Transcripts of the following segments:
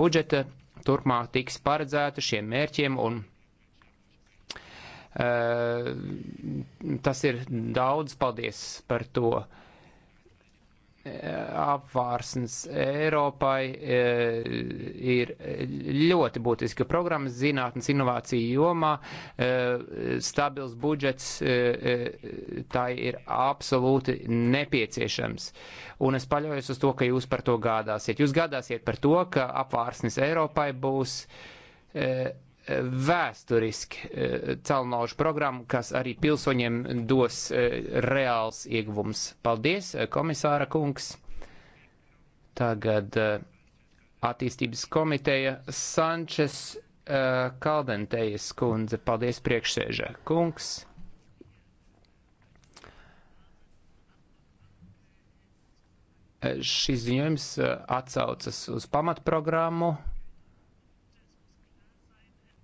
budžeta turpmāk tiks paredzēta šiem mērķiem un uh, tas ir daudz. Paldies par to! E, apvārsnes Eiropai e, ir ļoti būtiska programma zinātnes inovāciju jomā, e, stabils budžets, tā ir absolūti nepieciešams. Un es paļaujos uz to, ka jūs par to gādāsiet. Jūs gādāsiet par to, ka apvārsnes Eiropai būs vēsturiski e, celnaužu programmu, kas arī pilsoņiem dos e, reāls ieguvums. Paldies, e, komisāra kungs! Tagad attīstības komiteja Sančes Kaldentejas kundze. Paldies, priekšsēžē kungs! Šis ziņojums atsaucas uz pamatprogrammu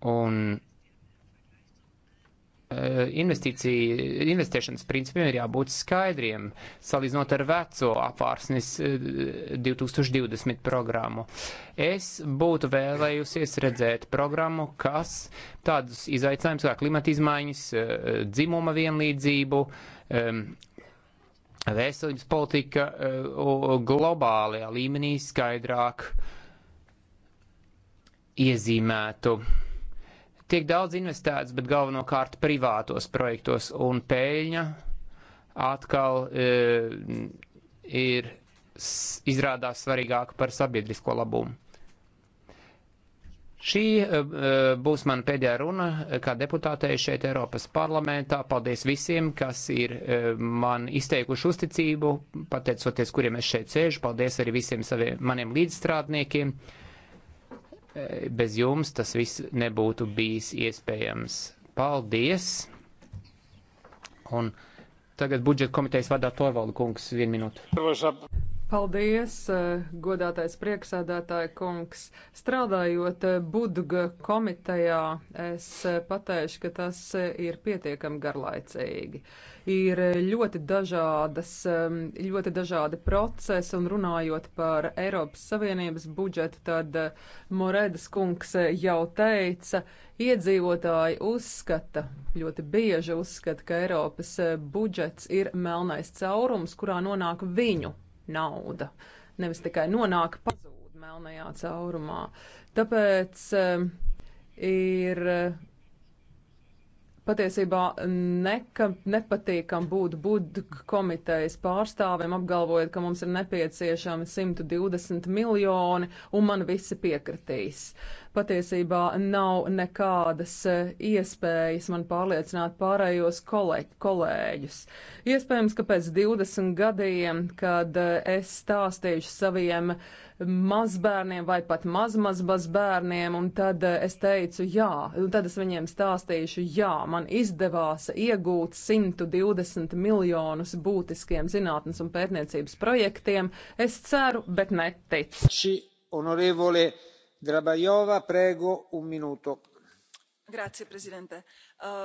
Un eh, investīcija, investēšanas principiem ir jābūt skaidriem, salīdzinot ar veco apvārsnes 2020 eh, programmu. Es būtu vēlējusies redzēt programmu, kas tādus izaicinājumus kā klimata izmaiņas, eh, dzimuma vienlīdzību, ehm, veselības politika globālajā līmenī skaidrāk iezīmētu Tiek daudz investēts, bet galvenokārt privātos projektos, un peļņa atkal e, ir izrādās svarīgāka par sabiedrisko labumu. Šī e, e, būs mana pēdējā runa e, kā deputātei šeit Eiropas parlamentā. Paldies visiem, kas ir man izteikuši uzticību, pateicoties, kuriem es šeit sēžu. Paldies arī visiem saviem maniem līdzstrādniekiem. Bez jums tas viss nebūtu bijis iespējams. Paldies! Un tagad budžeta komitejas vadā Torvalda kungs vienu minūtu. Paldies, eh, godātais prieksēdētāja kungs. Strādājot eh, Budga komitejā, es eh, pateikšu, ka tas ir pietiekami garlaicīgi. Ir ļoti dažādas, ehm, ļoti dažādi procesi, un runājot par Eiropas Savienības budžetu, tad Moredas kungs jau teica, iedzīvotāji uzskata, ļoti bieži uzskata, ka Eiropas budžets ir melnais caurums, kurā nonāk viņu nauda. Nevis tikai nonāk pazūd melnajā caurumā. Tāpēc eh, ir eh, patiesībā neka, nepatīkam būt budg komitejas pārstāvim, apgalvojot, ka mums ir nepieciešami 120 miljoni un man visi piekritīs patiesībā nav nekādas e, iespējas man pārliecināt pārējos kolēģus. Iespējams, ka pēc 20 gadiem, kad e, es stāstīšu saviem mazbērniem vai pat mazmazbērniem, un tad e, es teicu jā, un tad es viņiem stāstīšu jā, man izdevās iegūt 120 miljonus būtiskiem zinātnes un pētniecības projektiem. Es ceru, bet neticu. Šī honorevole pane předsedající eh,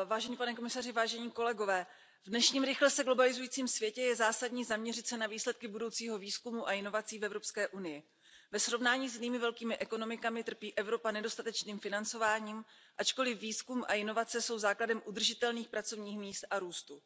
vážený pane komisaři vážení kolegové v dnešním rychle se globalizujícím světě je zásadní zaměřit se na výsledky budoucího výzkumu a inovací v evropské unii. ve srovnání s jinými velkými ekonomikami trpí evropa nedostatečným financováním ačkoliv výzkum a inovace jsou základem udržitelných pracovních míst a růstu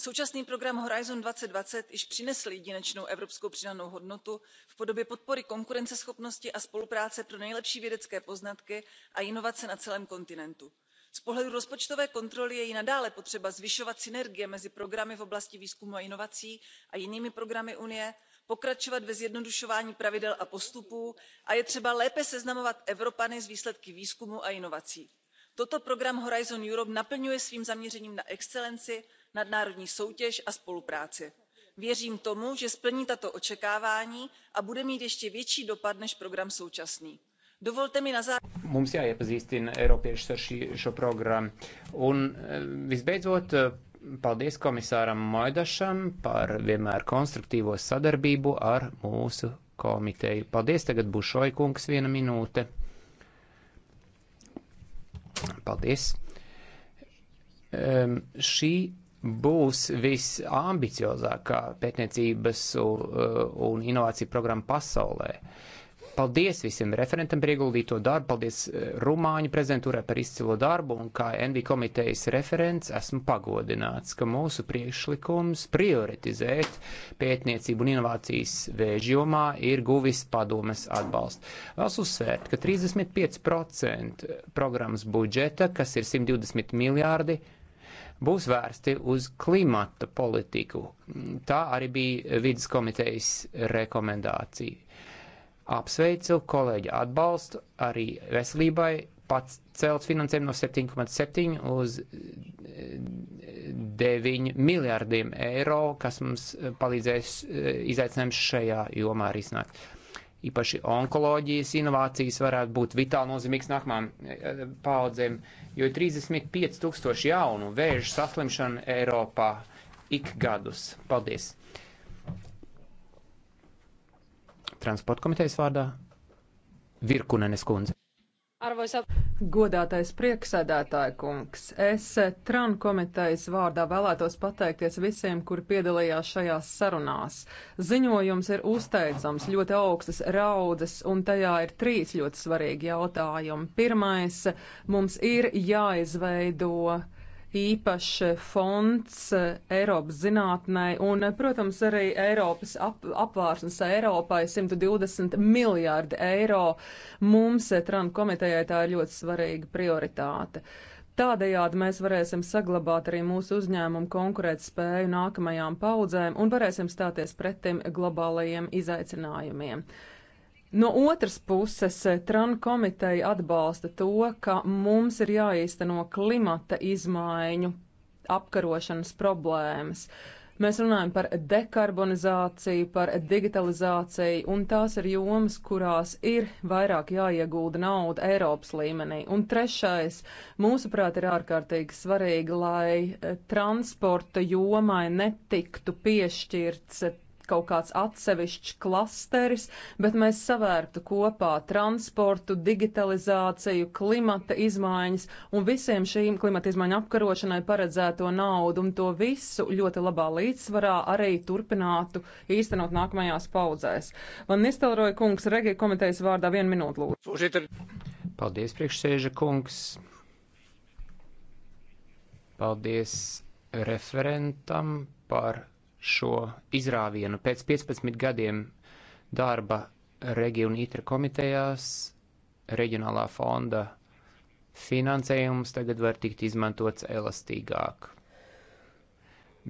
současný program horizont two thousand and twenty již přinesl jedinečnou evropskou přidanou hodnotu v podobě podpory konkurenceschopnosti a spolupráce pro nejlepší vědecké poznatky a inovace na celém kontinentu. z pohledu rozpočtové kontroly je i nadále potřeba zvyšovat synergie mezi programy v oblasti výzkumu a inovací a jinými programy unie pokračovat ve zjednodušování pravidel a postupů a je třeba lépe seznamovat evropany s výsledky výzkumu a inovací. toto program horizont europe naplňuje svým zaměřením na excelenci nadnárodní soutěž a spolupráci. věřím tomu že splní tato očekávání a bude mít ještě větší dopad než program současný. dovolte mi na závěr mums jāiepazīstina Eiropiešus ar šī, šo programmu. Un eh, visbeidzot, eh, paldies komisāram Moidašam par vienmēr konstruktīvo sadarbību ar mūsu komiteju. Paldies, tagad būs šoj kungs viena minūte. Paldies. Um, šī būs visambiciozākā pētniecības un inovāciju programma pasaulē. Paldies visiem referentam par ieguldīto darbu, paldies e, Rumāņu prezidentūrai par izcilo darbu, un kā NV komitejas referents esmu pagodināts, ka mūsu priekšlikums prioritizēt pētniecību un inovācijas vēžjomā ir guvis padomes atbalstu. Vēlos uzsvērt, ka 35% programmas budžeta, kas ir 120 miljārdi, būs vērsti uz klimata politiku. Tā arī bija vidas komitejas rekomendācija. Apsveicu kolēģi atbalstu arī veselībai pats celts finansējumu no 7,7 uz 9 eh, miljārdiem eiro, kas mums eh, palīdzēs eh, izaicinājums šajā jomā risināt īpaši onkoloģijas inovācijas varētu būt vitāli nozīmīgs nākamām eh, paudzēm, jo 35 tūkstoši jaunu vēža saslimšanu Eiropā ik gadus. Paldies! Transporta komitejas vārdā Virkunenes kundze. Arvoisa Godātais prieksēdētāja kungs, es TRAN komitejas vārdā vēlētos pateikties visiem, kuri piedalījās šajās sarunās. Ziņojums ir uzteicams, ļoti augstas raudzes, un tajā ir trīs ļoti svarīgi jautājumi. Pirmais, mums ir jāizveido īpašs fonds Eiropas zinātnei un, protams, arī Eiropas ap, apvārsnes Eiropai 120 miljārdi eiro. Mums, Trump komitejai, tā ir ļoti svarīga prioritāte. Tādējādi mēs varēsim saglabāt arī mūsu uzņēmumu konkurētspēju nākamajām paudzēm un varēsim stāties pretim globālajiem izaicinājumiem. No otras puses, eh, Trana komiteja atbalsta to, ka mums ir jāīsteno klimata izmaiņu apkarošanas problēmas. Mēs runājam par dekarbonizāciju, par digitalizāciju, un tās ir jomas, kurās ir vairāk jāiegulda nauda Eiropas līmenī. Un trešais, mūsuprāt, ir ārkārtīgi svarīgi, lai eh, transporta jomai netiktu piešķirts eh, kaut kāds atsevišķs klasteris, bet mēs savērtu kopā transportu, digitalizāciju, klimata izmaiņas un visiem šīm klimata izmaiņu apkarošanai paredzēto naudu un to visu ļoti labā līdzsvarā arī turpinātu īstenot nākamajās paudzēs. Van Nistelroja kungs, Regija komitejas vārdā vienu minūtu lūdzu. Paldies, priekšsēža kungs. Paldies referentam par šo izrāvienu. Pēc 15 gadiem darba reģionu itra komitejās reģionālā fonda finansējums tagad var tikt izmantots elastīgāk.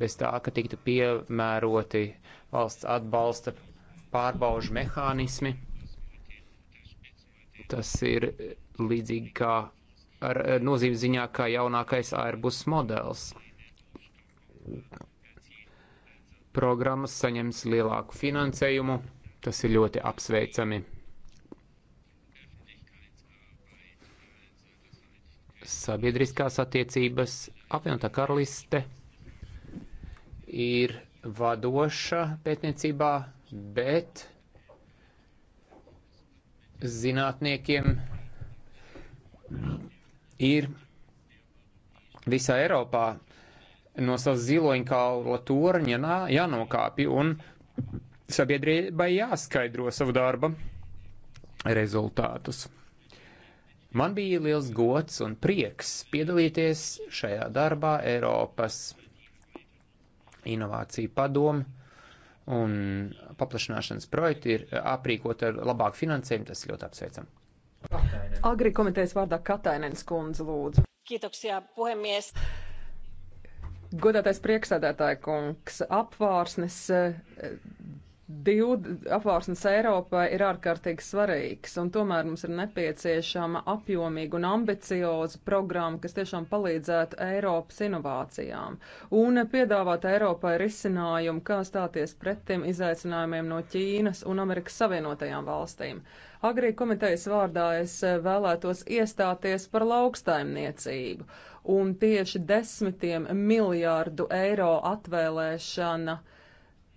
Bez tā, ka tiktu piemēroti valsts atbalsta pārbaužu mehānismi, tas ir līdzīgi kā ar nozīmes ziņā kā jaunākais Airbus modelis programmas saņems lielāku finansējumu. Tas ir ļoti apsveicami. Sabiedriskās attiecības apvienotā karaliste ir vadoša pētniecībā, bet zinātniekiem ir visā Eiropā no savas ziloņkāla torņa nā, jānokāpj un sabiedrībai jāskaidro savu darba rezultātus. Man bija liels gods un prieks piedalīties šajā darbā Eiropas inovāciju padomu un paplašināšanas projekti ir aprīkot ar labāku finansējumu, tas ļoti apsveicam. Agri komitejas vārdā Katainens kundze lūdzu. Kiitoksia puhemies. Godātais priekšsēdētāja kungs, apvārsnes eh, Apvārsnes Eiropai ir ārkārtīgi svarīgs, un tomēr mums ir nepieciešama apjomīga un ambicioza programma, kas tiešām palīdzētu Eiropas inovācijām un piedāvāt Eiropai risinājumu, kā stāties pretim izaicinājumiem no Ķīnas un Amerikas Savienotajām valstīm. Agrī komitejas vārdā es vēlētos iestāties par lauksaimniecību un tieši desmitiem miljārdu eiro atvēlēšana uh,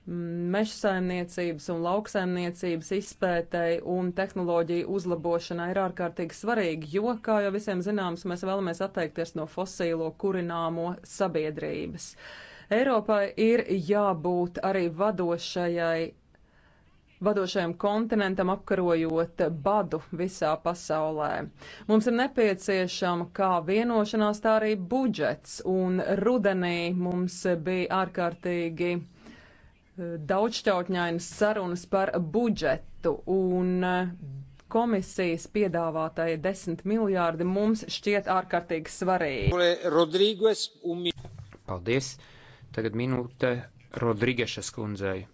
meža saimniecības un lauksaimniecības izpētēji un tehnoloģiju uzlabošanai ir ārkārtīgi svarīgi, jo, kā jau visiem zināms, mēs vēlamies atteikties no fosīlo kurināmo sabiedrības. Eiropai ir jābūt arī vadošajai, vadošajam kontinentam apkarojot badu visā pasaulē. Mums ir nepieciešama kā vienošanās, tā arī budžets, un rudenī mums bija ārkārtīgi daudzšķautņainas sarunas par budžetu un e, komisijas piedāvātai desmit miljārdi mums šķiet ārkārtīgi svarīgi. Paldies. Tagad minūte Rodrigešas kundzei.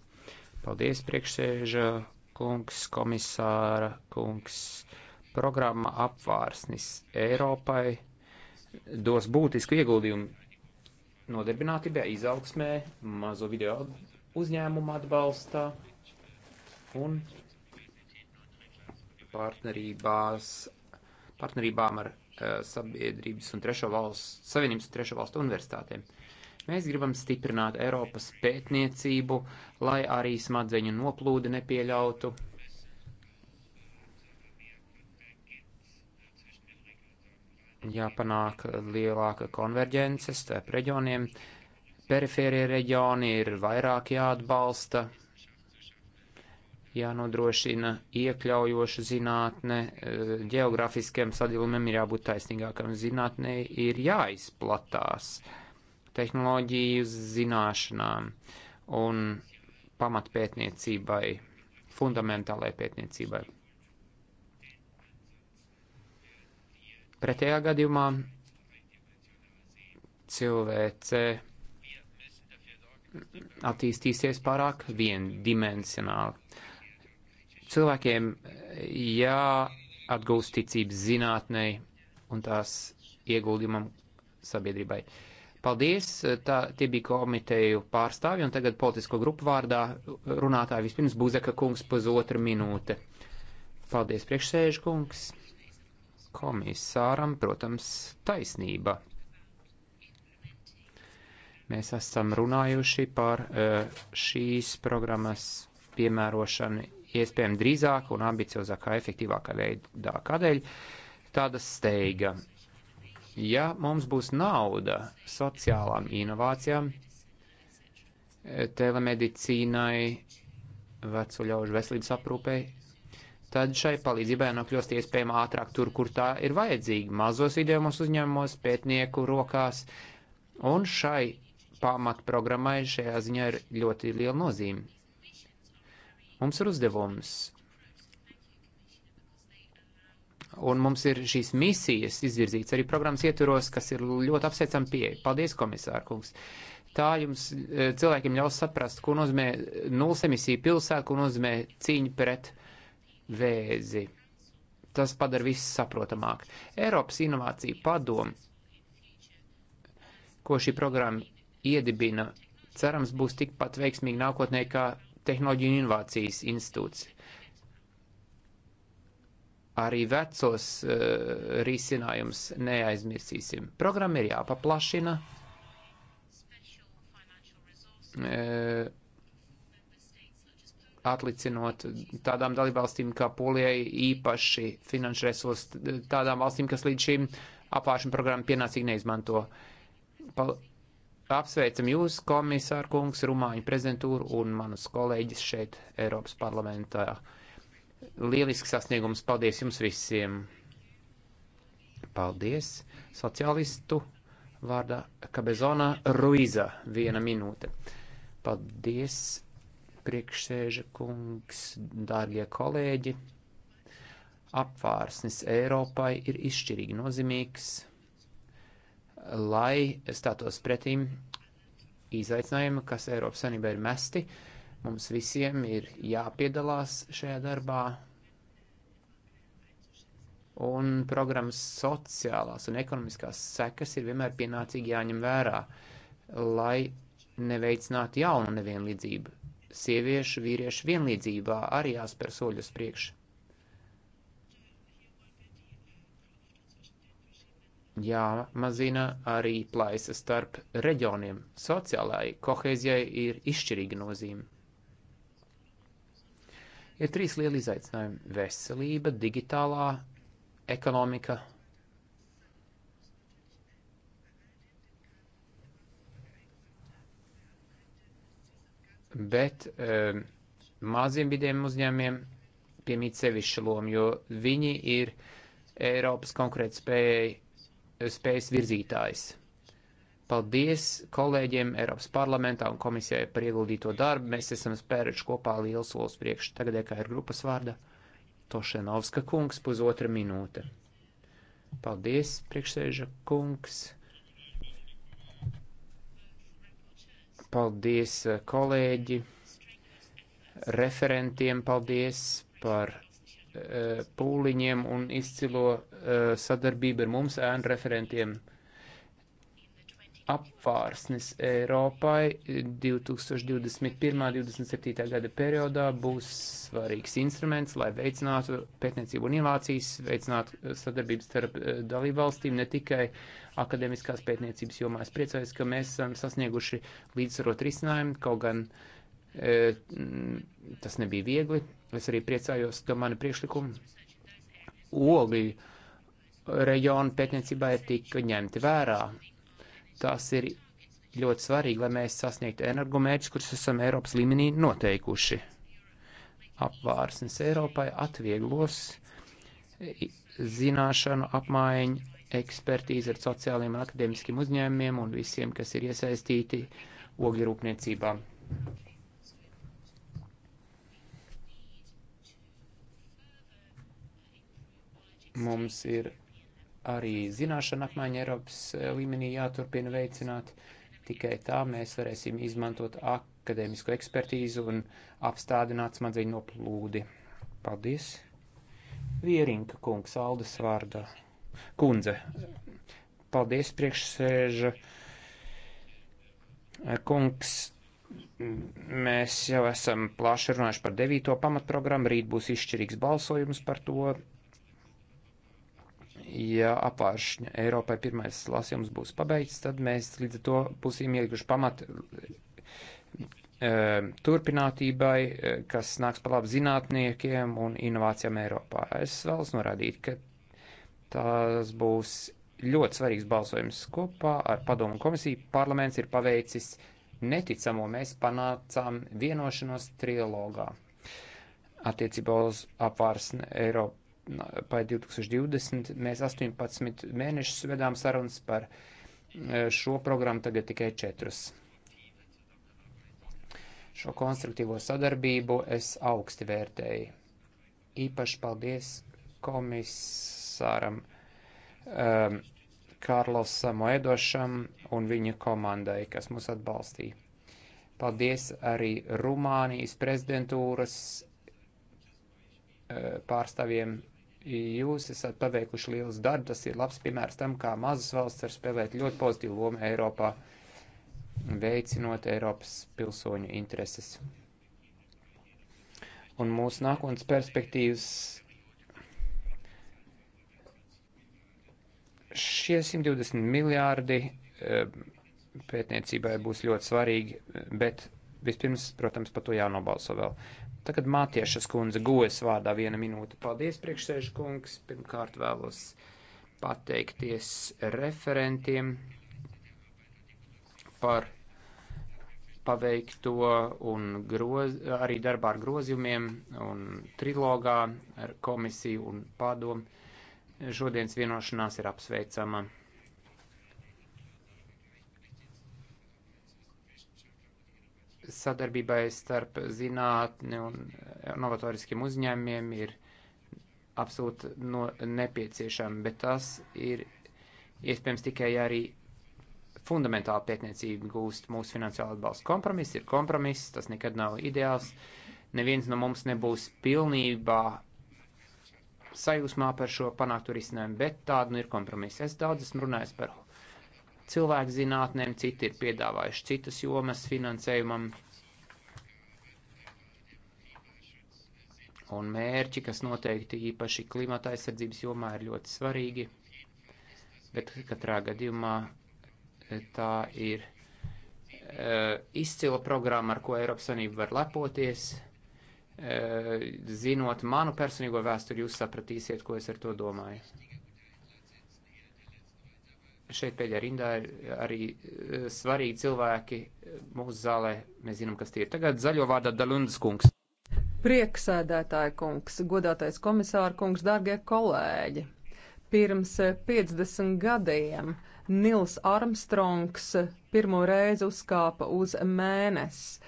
Paldies, priekšsēža kungs, komisāra kungs. Programma apvārsnis Eiropai dos būtisku ieguldījumu nodarbinātībā, izaugsmē, mazo video uzņēmuma atbalstā un partnerībās, partnerībām ar uh, sabiedrības un trešo valstu, savienības un trešo valstu universitātēm. Mēs gribam stiprināt Eiropas pētniecību, lai arī smadzeņu noplūdi nepieļautu. Jāpanāk lielāka konverģence starp reģioniem. Uh, Perifērie reģioni ir vairāk jāatbalsta, jānodrošina iekļaujoša zinātne, eh, geografiskiem sadalījumiem ir jābūt taisnīgākam, zinātnē ir jāizplatās tehnoloģiju zināšanām un pamatpētniecībai, fundamentālajai pētniecībai. Pretējā gadījumā cilvēce attīstīsies pārāk viendimensionāli. Cilvēkiem jāatgūst ticības zinātnei un tās ieguldījumam sabiedrībai. Paldies, tā, tie bija komiteju pārstāvi, un tagad politisko grupu vārdā runātāji vispirms Buzeka kungs pusotra minūte. Paldies, priekšsēžkungs. Komisāram, protams, taisnība Mēs esam runājuši par e, šīs programmas piemērošanu iespējami drīzāk un ambiciozākā, efektīvākā veidā. Kādēļ tāda steiga? Ja mums būs nauda sociālām inovācijām, e, telemedicīnai, vecu ļaužu veselības aprūpei, tad šai palīdzībai nokļūst iespējami ātrāk tur, kur tā ir vajadzīga - mazos vidējumos uzņēmumos, pētnieku rokās. Un šai pamatprogrammai šajā ziņā ir ļoti liela nozīme. Mums ir uzdevums. Un mums ir šīs misijas izvirzīts arī programmas ietvaros, kas ir ļoti apsveicama pieeja. Paldies, komisārkungs! Tā jums eh, cilvēkiem ļaus saprast, ko nozīmē nulles emisija pilsēta, ko nozīmē cīņa pret vēzi. Tas padara visu saprotamāk. Eiropas inovācija padomu ko šī programma iedibina, cerams, būs tikpat veiksmīgi nākotnē kā Tehnoloģiju un inovācijas institūts. Arī vecos uh, eh, risinājums neaizmirsīsim. Programma ir jāpaplašina. Uh, atlicinot tādām dalībvalstīm kā Polijai īpaši finanšu resursus, tādām valstīm, kas līdz šim apvāršana programmu pienācīgi neizmanto. Pal Apsveicam jūs, komisāra kungs, Rumāņu prezidentūru un manus kolēģis šeit Eiropas parlamentā. Lielisks sasniegums, paldies jums visiem! Paldies! Socialistu vārdā Kabezona Ruiza, viena minūte. Paldies, priekšsēža kungs, dārgie kolēģi! Apvārsnis Eiropai ir izšķirīgi nozīmīgs lai stātos pretīm izaicinājumi, kas Eiropas Sanībā ir mesti. Mums visiem ir jāpiedalās šajā darbā. Un programmas sociālās un ekonomiskās sekas ir vienmēr pienācīgi jāņem vērā, lai neveicinātu jaunu nevienlīdzību. Sieviešu, vīriešu vienlīdzībā arī jāspēr soļus priekšu jāmazina arī plaisa starp reģioniem. Sociālajai kohēzijai ir izšķirīga nozīme. Ir trīs lieli izaicinājumi - veselība, digitālā ekonomika. Bet um, maziem vidiem uzņēmiem piemīt sevišķi lomu, jo viņi ir Eiropas konkurētspējai spējas virzītājs. Paldies kolēģiem Eiropas parlamentā un komisijai par ieguldīto darbu. Mēs esam spēruši kopā liels solis priekš. Tagad, e kā ir grupas vārda, Tošenovska kungs, pusotra minūte. Paldies, priekšsēža kungs. Paldies, kolēģi. Referentiem paldies par pūliņiem un izcilo eh, sadarbību ar mums ēnu referentiem. Apvārsnes Eiropai 2021.-2027. gada periodā būs svarīgs instruments, lai veicinātu pētniecību un inovācijas, veicinātu eh, sadarbības starp eh, dalībvalstīm, ne tikai akadēmiskās pētniecības jomā. Es priecājos, ka mēs esam sasnieguši līdzsvarot risinājumu, kaut gan e, tas nebija viegli, Es arī priecājos, ka mani priekšlikumi olī reģionu pētniecībā ir tik ņemti vērā. Tas ir ļoti svarīgi, lai mēs sasniegtu energomērķus, kurus esam Eiropas līmenī noteikuši. Apvārsnes Eiropai atvieglos zināšanu apmaiņu, ekspertīzi ar sociāliem un akadēmiskiem uzņēmumiem un visiem, kas ir iesaistīti ogļu rūpniecībā. Mums ir arī zināšana apmaiņa Eiropas eh, līmenī jāturpina veicināt. Tikai tā mēs varēsim izmantot akadēmisko ekspertīzu un apstādināt smadzeņu noplūdi. Paldies! Vierinka kungs, Aldas vārdā. Kundze, paldies priekšsēža. Eh, kungs, mēs jau esam plaši runājuši par devīto pamatprogrammu, rīt būs izšķirīgs balsojums par to, ja apvāršņa Eiropai pirmais lasījums būs pabeigts, tad mēs līdz ar to būsim ielikuši pamatu e, turpinātībai, e, kas nāks par labu zinātniekiem un inovācijām Eiropā. Es vēlos norādīt, ka tas būs ļoti svarīgs balsojums kopā ar padomu komisiju. Parlaments ir paveicis neticamo, mēs panācām vienošanos trilogā attiecībā uz apvārsni Eiropu pa 2020. Mēs 18 mēnešus vedām sarunas par e, šo programmu, tagad tikai 4. Šo konstruktīvo sadarbību es augsti vērtēju. Īpaši paldies komisāram um, Karlosam Oedošam un viņa komandai, kas mūs atbalstīja. Paldies arī Rumānijas prezidentūras e, pārstāvjiem Jūs esat paveikuši liels darbs, tas ir labs piemērs tam, kā mazas valsts var spēlēt ļoti pozitīvu lomu Eiropā, veicinot Eiropas pilsoņu intereses. Un mūsu nākotnes perspektīvas šie 120 miljārdi eh, pētniecībai būs ļoti svarīgi, bet vispirms, protams, par to jānobalso vēl. Tagad Mātiešas kundze gojas vārdā viena minūte. Paldies, priekšsēžu kungs. Pirmkārt vēlos pateikties referentiem par paveikto un groz, arī darbā ar grozījumiem un trilogā ar komisiju un padomu. Šodienas vienošanās ir apsveicama. sadarbībai starp zinātni un novatoriskiem uzņēmiem ir absolūti no, nepieciešama, bet tas ir iespējams tikai arī fundamentāla pētniecība gūst mūsu finansiālu atbalstu. Kompromiss ir kompromiss, tas nekad nav ideāls. Neviens no mums nebūs pilnībā sajūsmā par šo panāktu risinājumu, bet tāda nu ir kompromisa. Es daudz esmu runājis par cilvēku zinātnēm, citi ir piedāvājuši citas jomas finansējumam, un mērķi, kas noteikti īpaši klimata aizsardzības jomā ir ļoti svarīgi, bet katrā gadījumā eh, tā ir uh, izcila programma, ar ko Eiropas Savienība var lepoties. Uh, zinot manu personīgo vēsturi, jūs sapratīsiet, ko es ar to domāju. Šeit pēdējā rindā ir arī svarīgi cilvēki mūsu zālē. Mēs zinām, kas tie ir. Tagad zaļo vārdā Dalundas kungs. Prieksēdētāja kungs, godātais komisāra kungs, dārgie kolēģi! Pirms 50 gadiem Nils Armstrongs pirmo reizi uzkāpa uz mēnesi.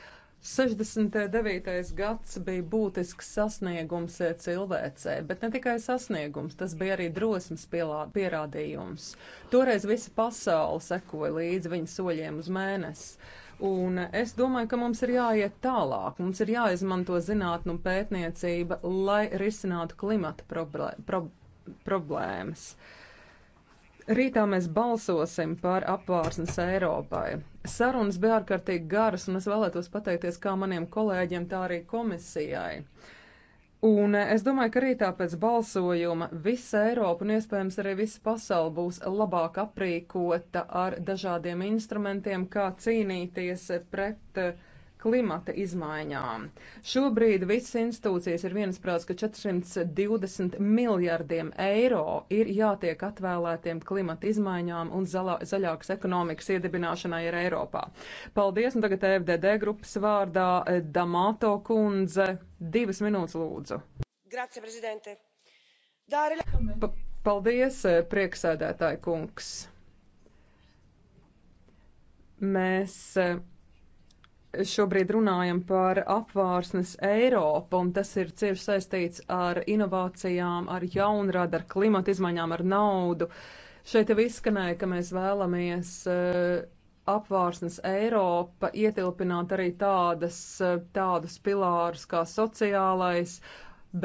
69. gads bija būtisks sasniegums cilvēcē, bet ne tikai sasniegums, tas bija arī drosmes pierādījums. Toreiz visa pasaule sekoja līdzi viņa soļiem uz mēnesi. Un es domāju, ka mums ir jāiet tālāk. Mums ir jāizmanto zinātnē un pētniecība, lai risinātu klimata problē pro problēmas. Rītā mēs balsosim par apvārsnes Eiropai. Sarunas bija ārkārtīgi garas, un es vēlētos pateikties kā maniem kolēģiem, tā arī komisijai. Uh, Un es domāju, ka arī tāpēc balsojuma visa Eiropa un iespējams arī visa pasaule būs labāk aprīkota ar dažādiem instrumentiem, kā cīnīties pret uh, klimata izmaiņām. Šobrīd visas institūcijas ir viensprāts, ka 420 miljardiem eiro ir jātiek atvēlētiem klimata izmaiņām un zalā, zaļākas ekonomikas iedibināšanai ir Eiropā. Paldies, un tagad FDD grupas vārdā eh, Damato kundze. Divas minūtes lūdzu. Grazie, prezidente. Dāri... Pa paldies, eh, prieksēdētāji kungs. Mēs eh, šobrīd runājam par apvārsnes Eiropu, un tas ir cieši saistīts ar inovācijām, ar jaunradu, ar klimatu izmaiņām, ar naudu. Šeit jau izskanēja, ka mēs vēlamies eh, apvārsnes Eiropa ietilpināt arī tādas, eh, tādus pilārus kā sociālais,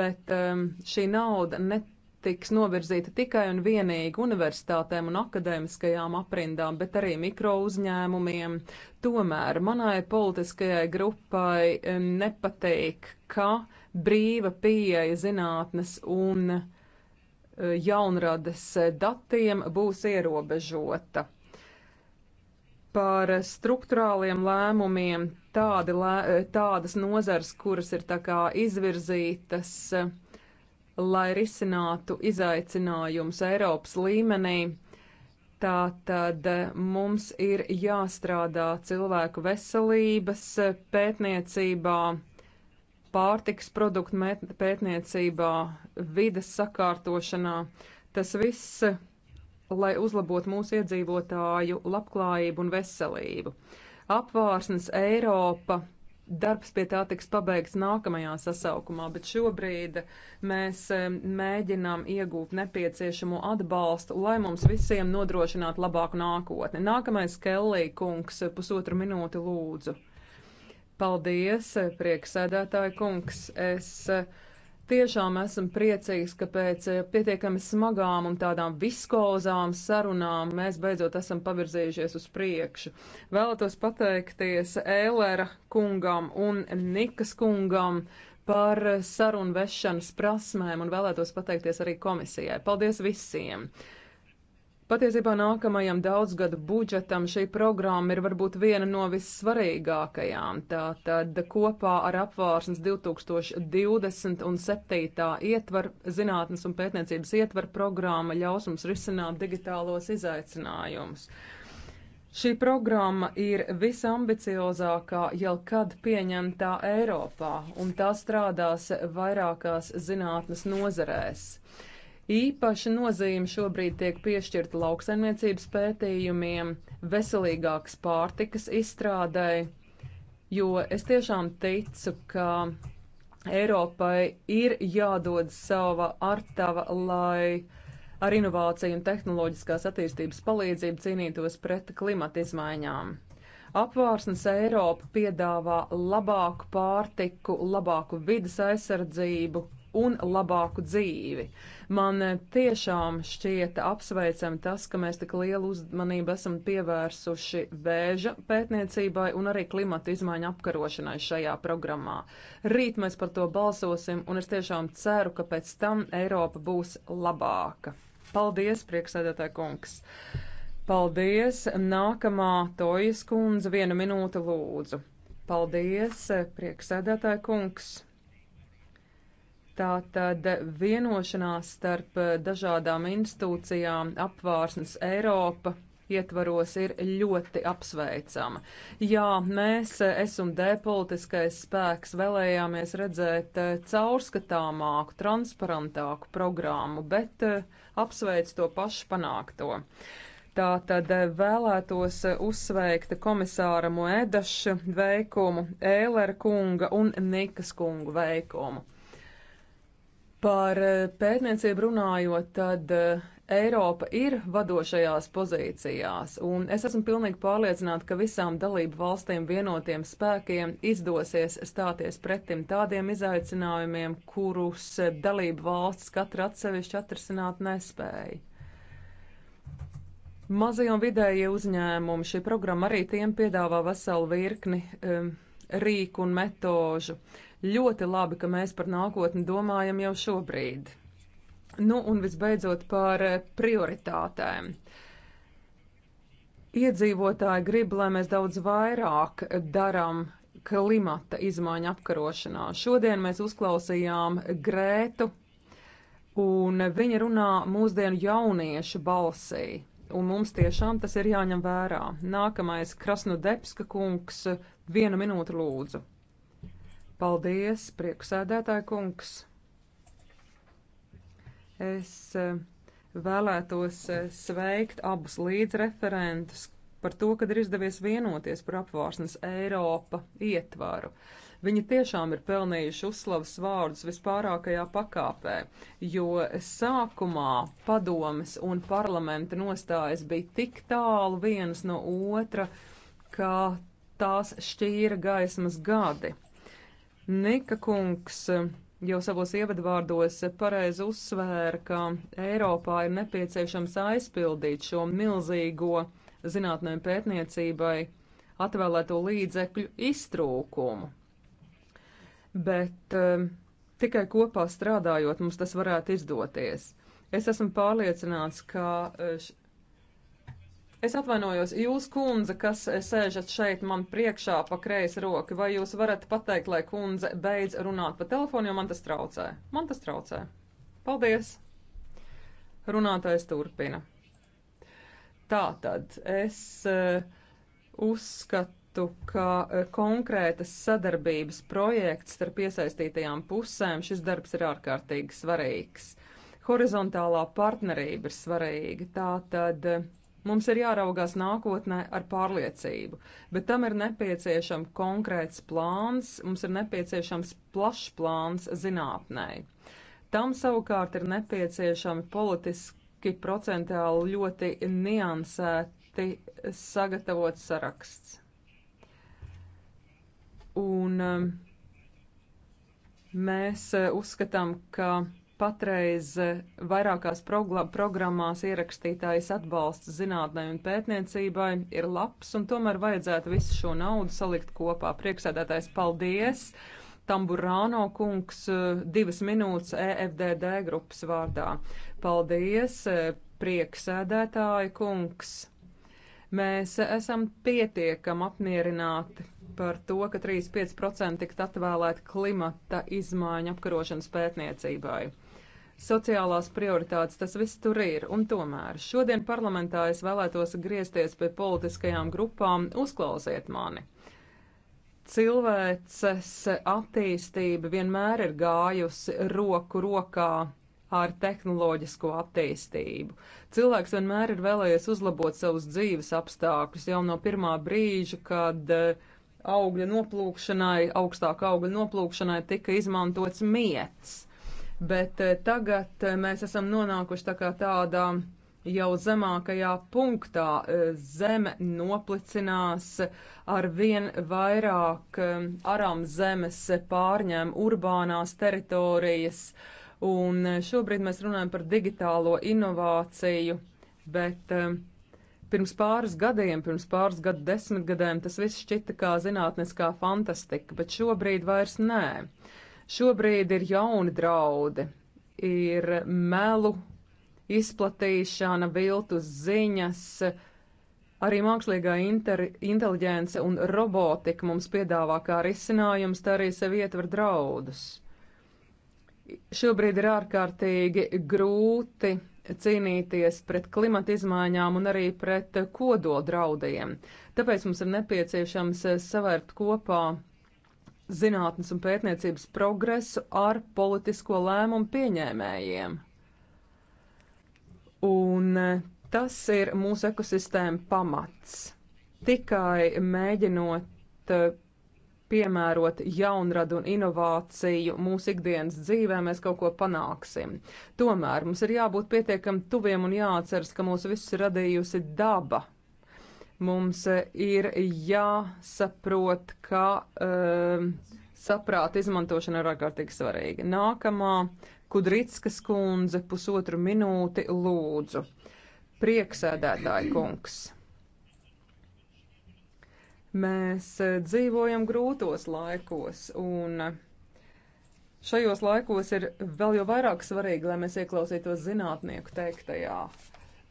bet eh, šī nauda ne tiks novirzīta tikai un vienīgi universitātēm un akadēmiskajām aprindām, bet arī mikro uzņēmumiem. Tomēr manai politiskajai grupai nepatīk, ka brīva pieeja zinātnes un eh, jaunrades datiem būs ierobežota par struktūrāliem lēmumiem tādi, lē, eh, tādas nozars, kuras ir tā kā izvirzītas lai risinātu izaicinājumus Eiropas līmenī. Tā tad eh, mums ir jāstrādā cilvēku veselības eh, pētniecībā, pārtiks produktu pētniecībā, vidas sakārtošanā. Tas viss, lai uzlabotu mūsu iedzīvotāju labklājību un veselību. Apvārsnes Eiropa Darbs pie tā tiks pabeigts nākamajā sasaukumā, bet šobrīd mēs mēģinām iegūt nepieciešamo atbalstu, lai mums visiem nodrošinātu labāku nākotni. Nākamais Kellī kungs, pusotru minūti lūdzu. Paldies, prieksēdētāji kungs. Es uh, tiešām esmu priecīgs, ka pēc eh, pietiekami smagām un tādām viskozām sarunām mēs beidzot esam pavirzījušies uz priekšu. Vēlētos pateikties Ēlera kungam un Nikas kungam par sarunu vešanas prasmēm un vēlētos pateikties arī komisijai. Paldies visiem! Patiesībā nākamajam daudzgada budžetam šī programma ir varbūt viena no vissvarīgākajām. Tātad kopā ar apvārsnes 2020 un 7. ietvar zinātnes un pētniecības ietvar programma ļaus mums risināt digitālos izaicinājumus. Šī programma ir visambiciozākā jau kad pieņemtā Eiropā, un tā strādās vairākās zinātnes nozarēs. Īpaša nozīme šobrīd tiek piešķirta lauksaimniecības pētījumiem, veselīgākas pārtikas izstrādai, jo es tiešām ticu, ka Eiropai ir jādod sava artava, lai ar inovāciju un tehnoloģiskās attīstības palīdzību cīnītos pret klimata izmaiņām. Apvārsnes Eiropa piedāvā labāku pārtiku, labāku vidas aizsardzību, un labāku dzīvi. Man eh, tiešām šķiet apsveicami tas, ka mēs tik lielu uzmanību esam pievērsuši vēža pētniecībai un arī klimata izmaiņu apkarošanai šajā programmā. Rīt mēs par to balsosim, un es tiešām ceru, ka pēc tam Eiropa būs labāka. Paldies, prieksēdētāji kungs! Paldies! Nākamā Tojas kundze, viena minūte lūdzu. Paldies, prieksēdētāji kungs! Tātad vienošanās starp dažādām institūcijām apvārsnes Eiropa ietvaros ir ļoti apsveicama. Jā, mēs, es un D politiskais spēks, vēlējāmies redzēt eh, caurskatāmāku, transparentāku programmu, bet eh, apsveic to pašu panākto. Tātad eh, vēlētos uzsveikt komisāra Moedaša veikumu, Ēlera kunga un Nikas kunga veikumu. Par eh, pētniecību runājot, tad eh, Eiropa ir vadošajās pozīcijās, un es esmu pilnīgi pārliecināta, ka visām dalību valstīm vienotiem spēkiem izdosies stāties pretim tādiem izaicinājumiem, kurus eh, dalību valsts katra atsevišķi atrisināt nespēja. Mazie un vidējie uzņēmumi šī programma arī tiem piedāvā veselu virkni um, rīku un metožu. Uh, Ļoti labi, ka mēs par nākotni domājam jau šobrīd. Nu, un visbeidzot par eh, prioritātēm. Iedzīvotāji grib, lai mēs daudz vairāk darām klimata izmaiņu apkarošanā. Šodien mēs uzklausījām Grētu, un viņa runā mūsdienu jauniešu balsī. Un mums tiešām tas ir jāņem vērā. Nākamais Krasnodebska kungs, viena minūte lūdzu. Paldies, prieksēdētāja kungs. Es eh, vēlētos eh, sveikt abus līdzreferentus par to, kad ir izdevies vienoties par apvārsnes Eiropa ietvaru. Viņi tiešām ir pelnījuši uzslavas vārdus vispārākajā pakāpē, jo sākumā padomes un parlamenta nostājas bija tik tālu vienas no otra, ka tās šķīra gaismas gadi. Nika kungs eh, jau savos ievadvārdos eh, pareizi uzsvēra, ka Eiropā ir nepieciešams aizpildīt šo milzīgo zinātnēm pētniecībai atvēlēto līdzekļu iztrūkumu. Bet um, tikai kopā strādājot, mums tas varētu izdoties. Es esmu pārliecināts, ka Es atvainojos, jūs kundze, kas sēžat šeit man priekšā pa kreisi roku, vai jūs varat pateikt, lai kundze beidz runāt pa telefonu, jo man tas traucē? Man tas traucē. Paldies! Runātājs turpina. Tātad es uh, uzskatu, ka uh, konkrētas sadarbības projekts starp iesaistītajām pusēm šis darbs ir ārkārtīgi svarīgs. Horizontālā partnerība ir svarīga. Tātad uh, Mums ir jāraugās nākotnē ar pārliecību, bet tam ir nepieciešams konkrēts plāns, mums ir nepieciešams plašs plāns zinātnē. Tam savukārt ir nepieciešami politiski procentuāli ļoti niansēti sagatavots saraksts. Un um, mēs uh, uzskatām, ka patreiz eh, vairākās programmās ierakstītais atbalsts zinātnē un pētniecībai ir labs, un tomēr vajadzētu visu šo naudu salikt kopā. Prieksēdētais paldies! Tamburāno kungs eh, divas minūtes EFDD grupas vārdā. Paldies, eh, prieksēdētāji kungs! Mēs esam pietiekam apmierināti par to, ka 35% tikt atvēlēt klimata izmaiņu apkarošanas pētniecībai sociālās prioritātes, tas viss tur ir. Un tomēr šodien parlamentā es vēlētos griezties pie politiskajām grupām, uzklausiet mani. Cilvēces attīstība vienmēr ir gājusi roku rokā ar tehnoloģisko attīstību. Cilvēks vienmēr ir vēlējies uzlabot savus dzīves apstākļus jau no pirmā brīža, kad eh, augļa noplūkšanai, augstāka augļa noplūkšanai tika izmantots miets bet eh, tagad eh, mēs esam nonākuši tā kā tādā jau zemākajā punktā. Eh, zeme noplicinās ar vien vairāk aram zemes pārņem urbānās teritorijas, un šobrīd mēs runājam par digitālo inovāciju, bet pirms pāris gadiem, pirms pāris gadu desmitgadēm tas viss šķita kā zinātniskā fantastika, bet šobrīd vairs nē. Šobrīd ir jauni draudi, ir melu izplatīšana, viltus ziņas, arī mākslīgā inter, inteliģence un robotika mums piedāvā kā risinājums, tā arī sev ietver draudus. Šobrīd ir ārkārtīgi grūti cīnīties pret klimata izmaiņām un arī pret kododraudiem. Tāpēc mums ir nepieciešams savērt kopā zinātnes un pētniecības progresu ar politisko lēmumu pieņēmējiem. Un e, tas ir mūsu ekosistēma pamats. Tikai mēģinot e, piemērot jaunradu un inovāciju mūsu ikdienas dzīvē, mēs kaut ko panāksim. Tomēr mums ir jābūt pietiekami tuviem un jāatceras, ka mūsu visus radījusi daba, Mums e, ir jāsaprot, ka um, saprāta izmantošana ir ārkārtīgi svarīga. Nākamā Kudrickas kundze pusotru minūti lūdzu. Prieksēdētāji kungs. Mēs e, dzīvojam grūtos laikos un. Šajos laikos ir vēl jau vairāk svarīgi, lai mēs ieklausītos zinātnieku teiktajā.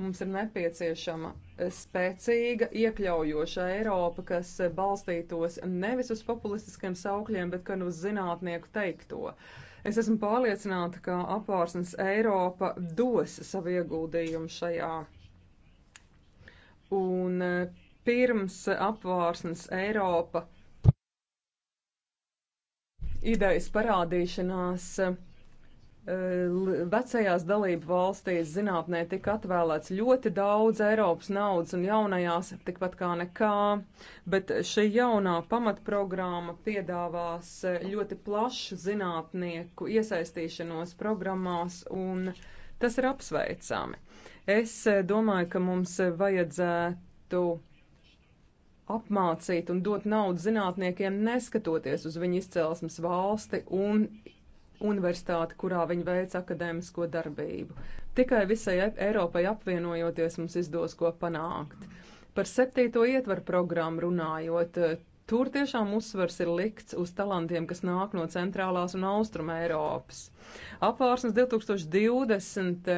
Mums ir nepieciešama spēcīga, iekļaujoša Eiropa, kas balstītos nevis uz populistiskiem saukļiem, bet gan uz zinātnieku teikto. Es esmu pārliecināta, ka apvārsnes Eiropa dos savu ieguldījumu šajā. Un eh, pirms apvārsnes Eiropa idejas parādīšanās Vecajās dalību valstīs zinātnē tika atvēlēts ļoti daudz Eiropas naudas un jaunajās tikpat kā nekā, bet šī jaunā pamatprogramma piedāvās ļoti plašu zinātnieku iesaistīšanos programmās un tas ir apsveicami. Es eh, domāju, ka mums vajadzētu apmācīt un dot naudu zinātniekiem neskatoties uz viņu izcelsmes valsti un universitāti, kurā viņi veic akadēmisko darbību. Tikai visai Eiropai apvienojoties mums izdos ko panākt. Par septīto ietvaru programmu runājot, Tur tiešām uzsvers ir likts uz talantiem, kas nāk no centrālās un austruma Eiropas. Apvārsnes 2020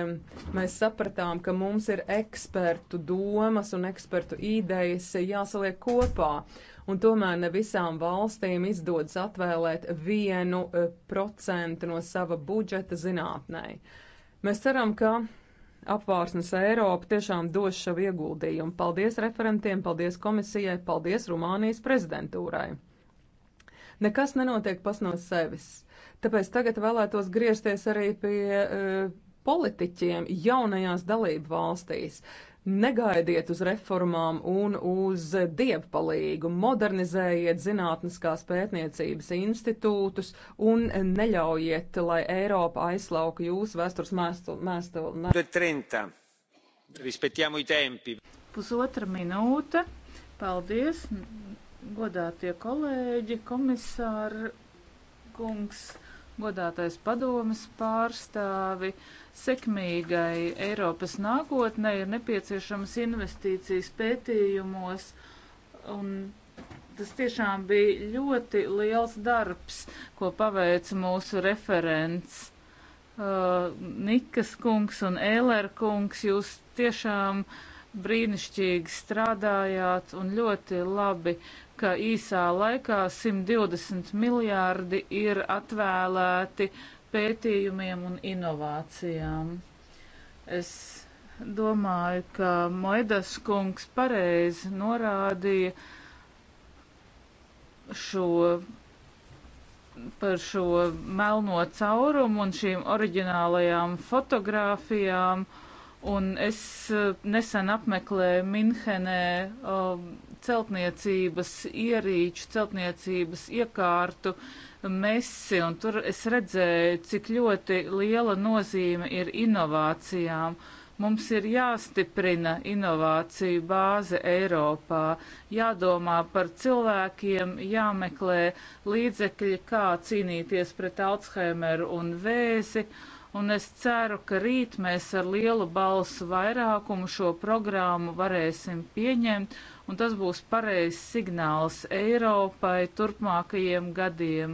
mēs sapratām, ka mums ir ekspertu domas un ekspertu idejas jāsaliek kopā, un tomēr ne visām valstīm izdodas atvēlēt vienu eh, procentu no sava budžeta zinātnē. Mēs ceram, ka apvārsnes Eiropa tiešām dos šo ieguldījumu. Paldies referentiem, paldies komisijai, paldies Rumānijas prezidentūrai. Nekas nenotiek pas no sevis. Tāpēc tagad vēlētos griezties arī pie uh, politiķiem jaunajās dalību valstīs. Uh, Negaidiet uz reformām un uz dievpalīgu, modernizējiet zinātniskās pētniecības institūtus un neļaujiet, lai Eiropa aizslauka jūsu vēstures mēstuli. Pusotra minūte. Paldies, godātie kolēģi, komisāri, kungs godātais padomas pārstāvi, sekmīgai Eiropas nākotnē ir nepieciešamas investīcijas pētījumos, un tas tiešām bija ļoti liels darbs, ko paveica mūsu referents. Uh, Nikas kungs un Ēlēr kungs, jūs tiešām brīnišķīgi strādājāt un ļoti labi ka īsā laikā 120 miljārdi ir atvēlēti pētījumiem un inovācijām. Es domāju, ka Moedas kungs pareizi norādīja šo, par šo melno caurumu un šīm oriģinālajām fotogrāfijām. Uh, Un es eh, nesen apmeklēju Minhenē um, celtniecības ierīču, celtniecības iekārtu mesi, un tur es redzēju, cik ļoti liela nozīme ir inovācijām. Mums ir jāstiprina inovāciju bāze Eiropā, jādomā par cilvēkiem, jāmeklē līdzekļi, kā cīnīties pret Alzheimeru un vēzi. Uh, un es ceru, ka rīt mēs ar lielu balsu vairākumu šo programmu varēsim pieņemt, un tas būs pareizs signāls Eiropai turpmākajiem gadiem.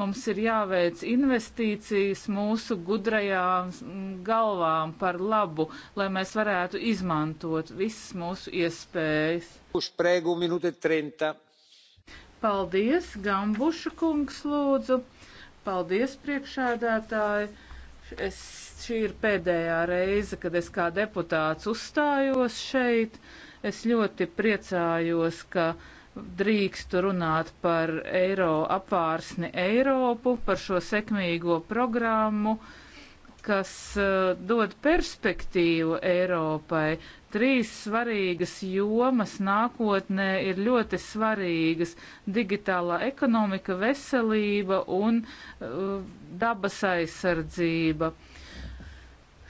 Mums ir jāveic investīcijas mūsu gudrajām galvām par labu, lai mēs varētu izmantot visas mūsu iespējas. Uz prēgu minūte 30. Paldies, Gambuša kungs lūdzu. Paldies, priekšēdētāji. Es, šī ir pēdējā reize, kad es kā deputāts uzstājos šeit. Es ļoti priecājos, ka drīkstu runāt par eiro apvārsni Eiropu, par šo sekmīgo programmu. Uh, kas uh, dod perspektīvu Eiropai. Trīs svarīgas jomas nākotnē ir ļoti svarīgas - digitālā ekonomika, veselība un uh, dabas aizsardzība. Uh,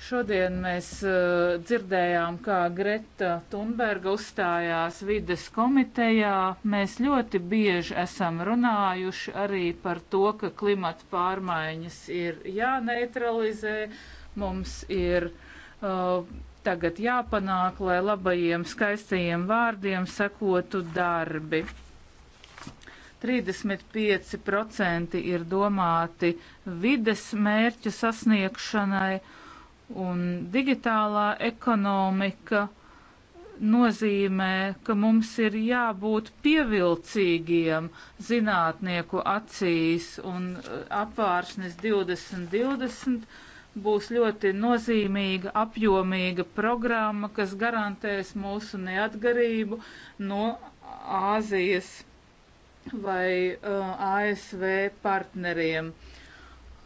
Šodien mēs uh, dzirdējām, kā Greta Thunberga uzstājās vides komitejā. Mēs ļoti bieži esam runājuši arī par to, ka klimata pārmaiņas ir jāneutralizē. Mums ir uh, tagad jāpanāk, lai labajiem skaistajiem vārdiem sakotu darbi. 35% ir domāti vides mērķu sasniegšanai un digitālā ekonomika nozīmē, ka mums ir jābūt pievilcīgiem zinātnieku acīs un eh, apvārsnes 2020 būs ļoti nozīmīga, apjomīga programma, kas garantēs mūsu neatkarību no Āzijas vai uh, eh, ASV partneriem.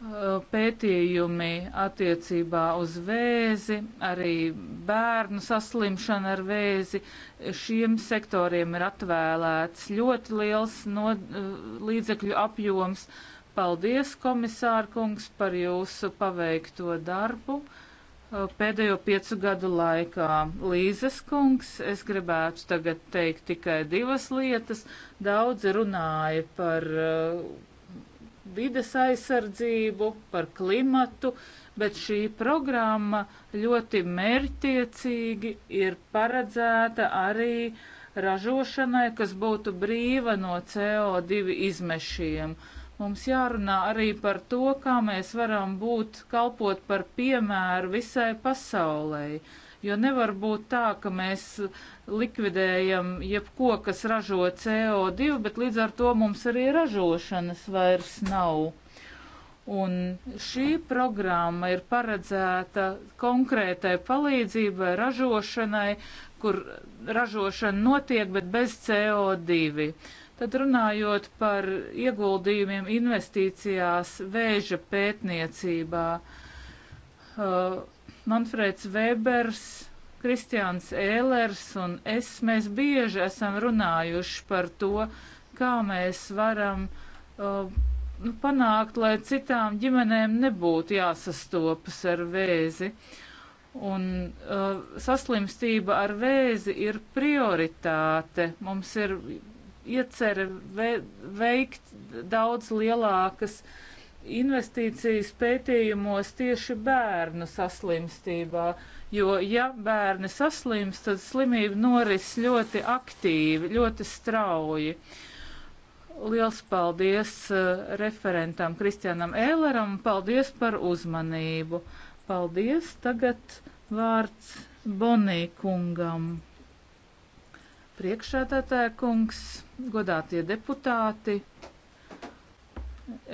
Eh, pētījumi attiecībā uz vēzi, arī bērnu saslimšanu ar vēzi. Šiem sektoriem ir atvēlēts ļoti liels no, eh, līdzekļu apjoms. Paldies, komisārkungs, par jūsu paveikto darbu eh, pēdējo piecu gadu laikā. Līzes kungs, es gribētu tagad teikt tikai divas lietas. Daudzi runāja par uh, vides aizsardzību, par klimatu, bet šī programma ļoti mērķtiecīgi ir paredzēta arī ražošanai, kas būtu brīva no CO2 izmešiem. Mums jārunā arī par to, kā mēs varam būt, kalpot par piemēru visai pasaulei jo nevar būt tā, ka mēs likvidējam jebko, kas ražo CO2, bet līdz ar to mums arī ražošanas vairs nav. Un šī programma ir paredzēta konkrētai palīdzībai ražošanai, kur ražošana notiek, bet bez CO2. Tad runājot par ieguldījumiem investīcijās vēža pētniecībā, uh, Manfreds Vēbers, Kristiāns Ēlers un es, mēs bieži esam runājuši par to, kā mēs varam uh, nu, panākt, lai citām ģimenēm nebūtu jāsastopas ar vēzi. Un uh, saslimstība ar vēzi ir prioritāte. Mums ir iecerē ve veikt daudz lielākas uh, investīcijas pētījumos tieši bērnu saslimstībā, jo ja bērni saslims, tad slimība noris ļoti aktīvi, ļoti strauji. Liels paldies uh, referentam Kristianam Ēleram, paldies par uzmanību. Paldies, tagad vārds Bonī kungam. Priekšādātāja kungs, godātie deputāti.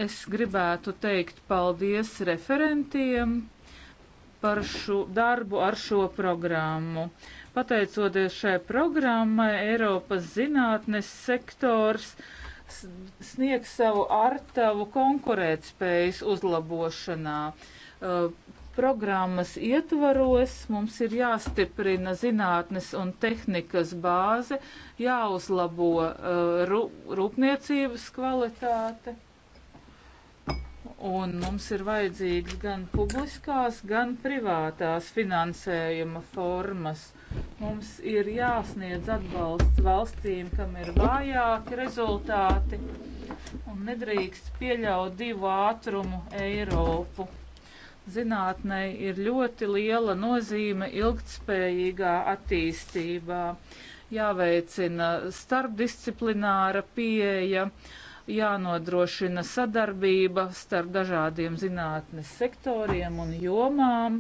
Es gribētu teikt paldies referentiem par šo darbu ar šo programmu. Pateicoties šai programmai, Eiropas zinātnes sektors sniegs savu artavu konkurētspējas uzlabošanā. Uh, programmas ietvaros mums ir jāstiprina zinātnes un tehnikas bāze, jāuzlabo uh, rūpniecības kvalitāte. Un mums ir vajadzīgs gan publiskās, gan privātās finansējuma formas. Mums ir jāsniedz atbalsts valstīm, kam ir vājāki rezultāti, un nedrīkst pieļaut divu ātrumu Eiropu zinātnei ir ļoti liela nozīme ilgtspējīgā attīstībā. Jāveicina starpdisciplināra pieeja, jānodrošina sadarbība starp dažādiem zinātnes sektoriem un jomām,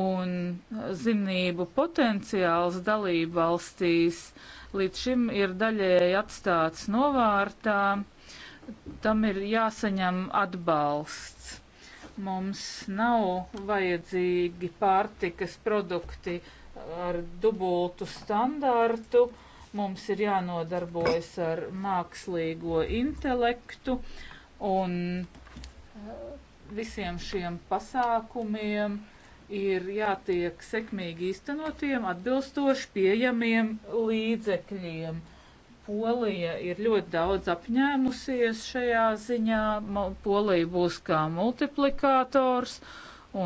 un zinību potenciāls dalību valstīs līdz šim ir daļēji atstāts novārtā. Tam ir jāsaņem atbalsts. Mums nav vajadzīgi pārtikas produkti ar dubultu standārtu Mums ir jānodarbojas ar mākslīgo intelektu un eh, visiem šiem pasākumiem ir jātiek sekmīgi īstenotiem atbilstoši pieejamiem līdzekļiem. Polija ir ļoti daudz apņēmusies šajā ziņā. Polija būs kā multiplikators,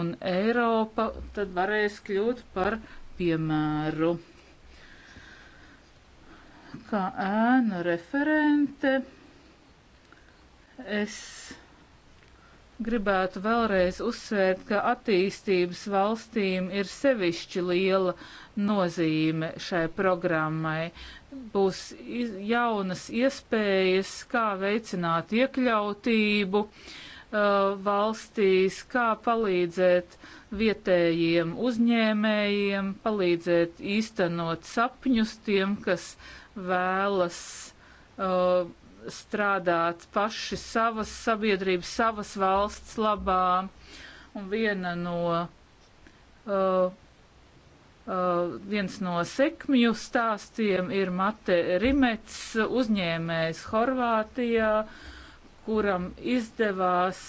un Eiropa tad varēs kļūt par piemēru kā ēnu referente es gribētu vēlreiz uzsvērt, ka attīstības valstīm ir sevišķi liela nozīme šai programmai. Būs jaunas iespējas, kā veicināt iekļautību uh, valstīs, kā palīdzēt vietējiem uzņēmējiem, palīdzēt īstenot sapņus tiem, kas uh, vēlas uh, strādāt paši savas sabiedrības, savas valsts labā. Un viena no, uh, uh, viens no sekmju stāstiem ir Mate Rimets, uzņēmējs Horvātijā, kuram izdevās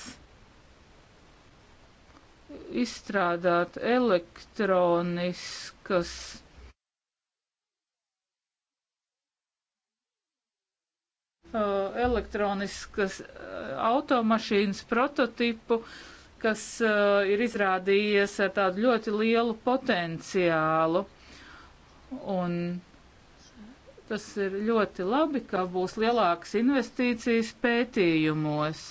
izstrādāt elektroniskas Uh, elektroniskas uh, automašīnas prototipu, kas uh, ir izrādījies ar tādu ļoti lielu potenciālu. Un tas ir ļoti labi, ka būs lielākas investīcijas pētījumos.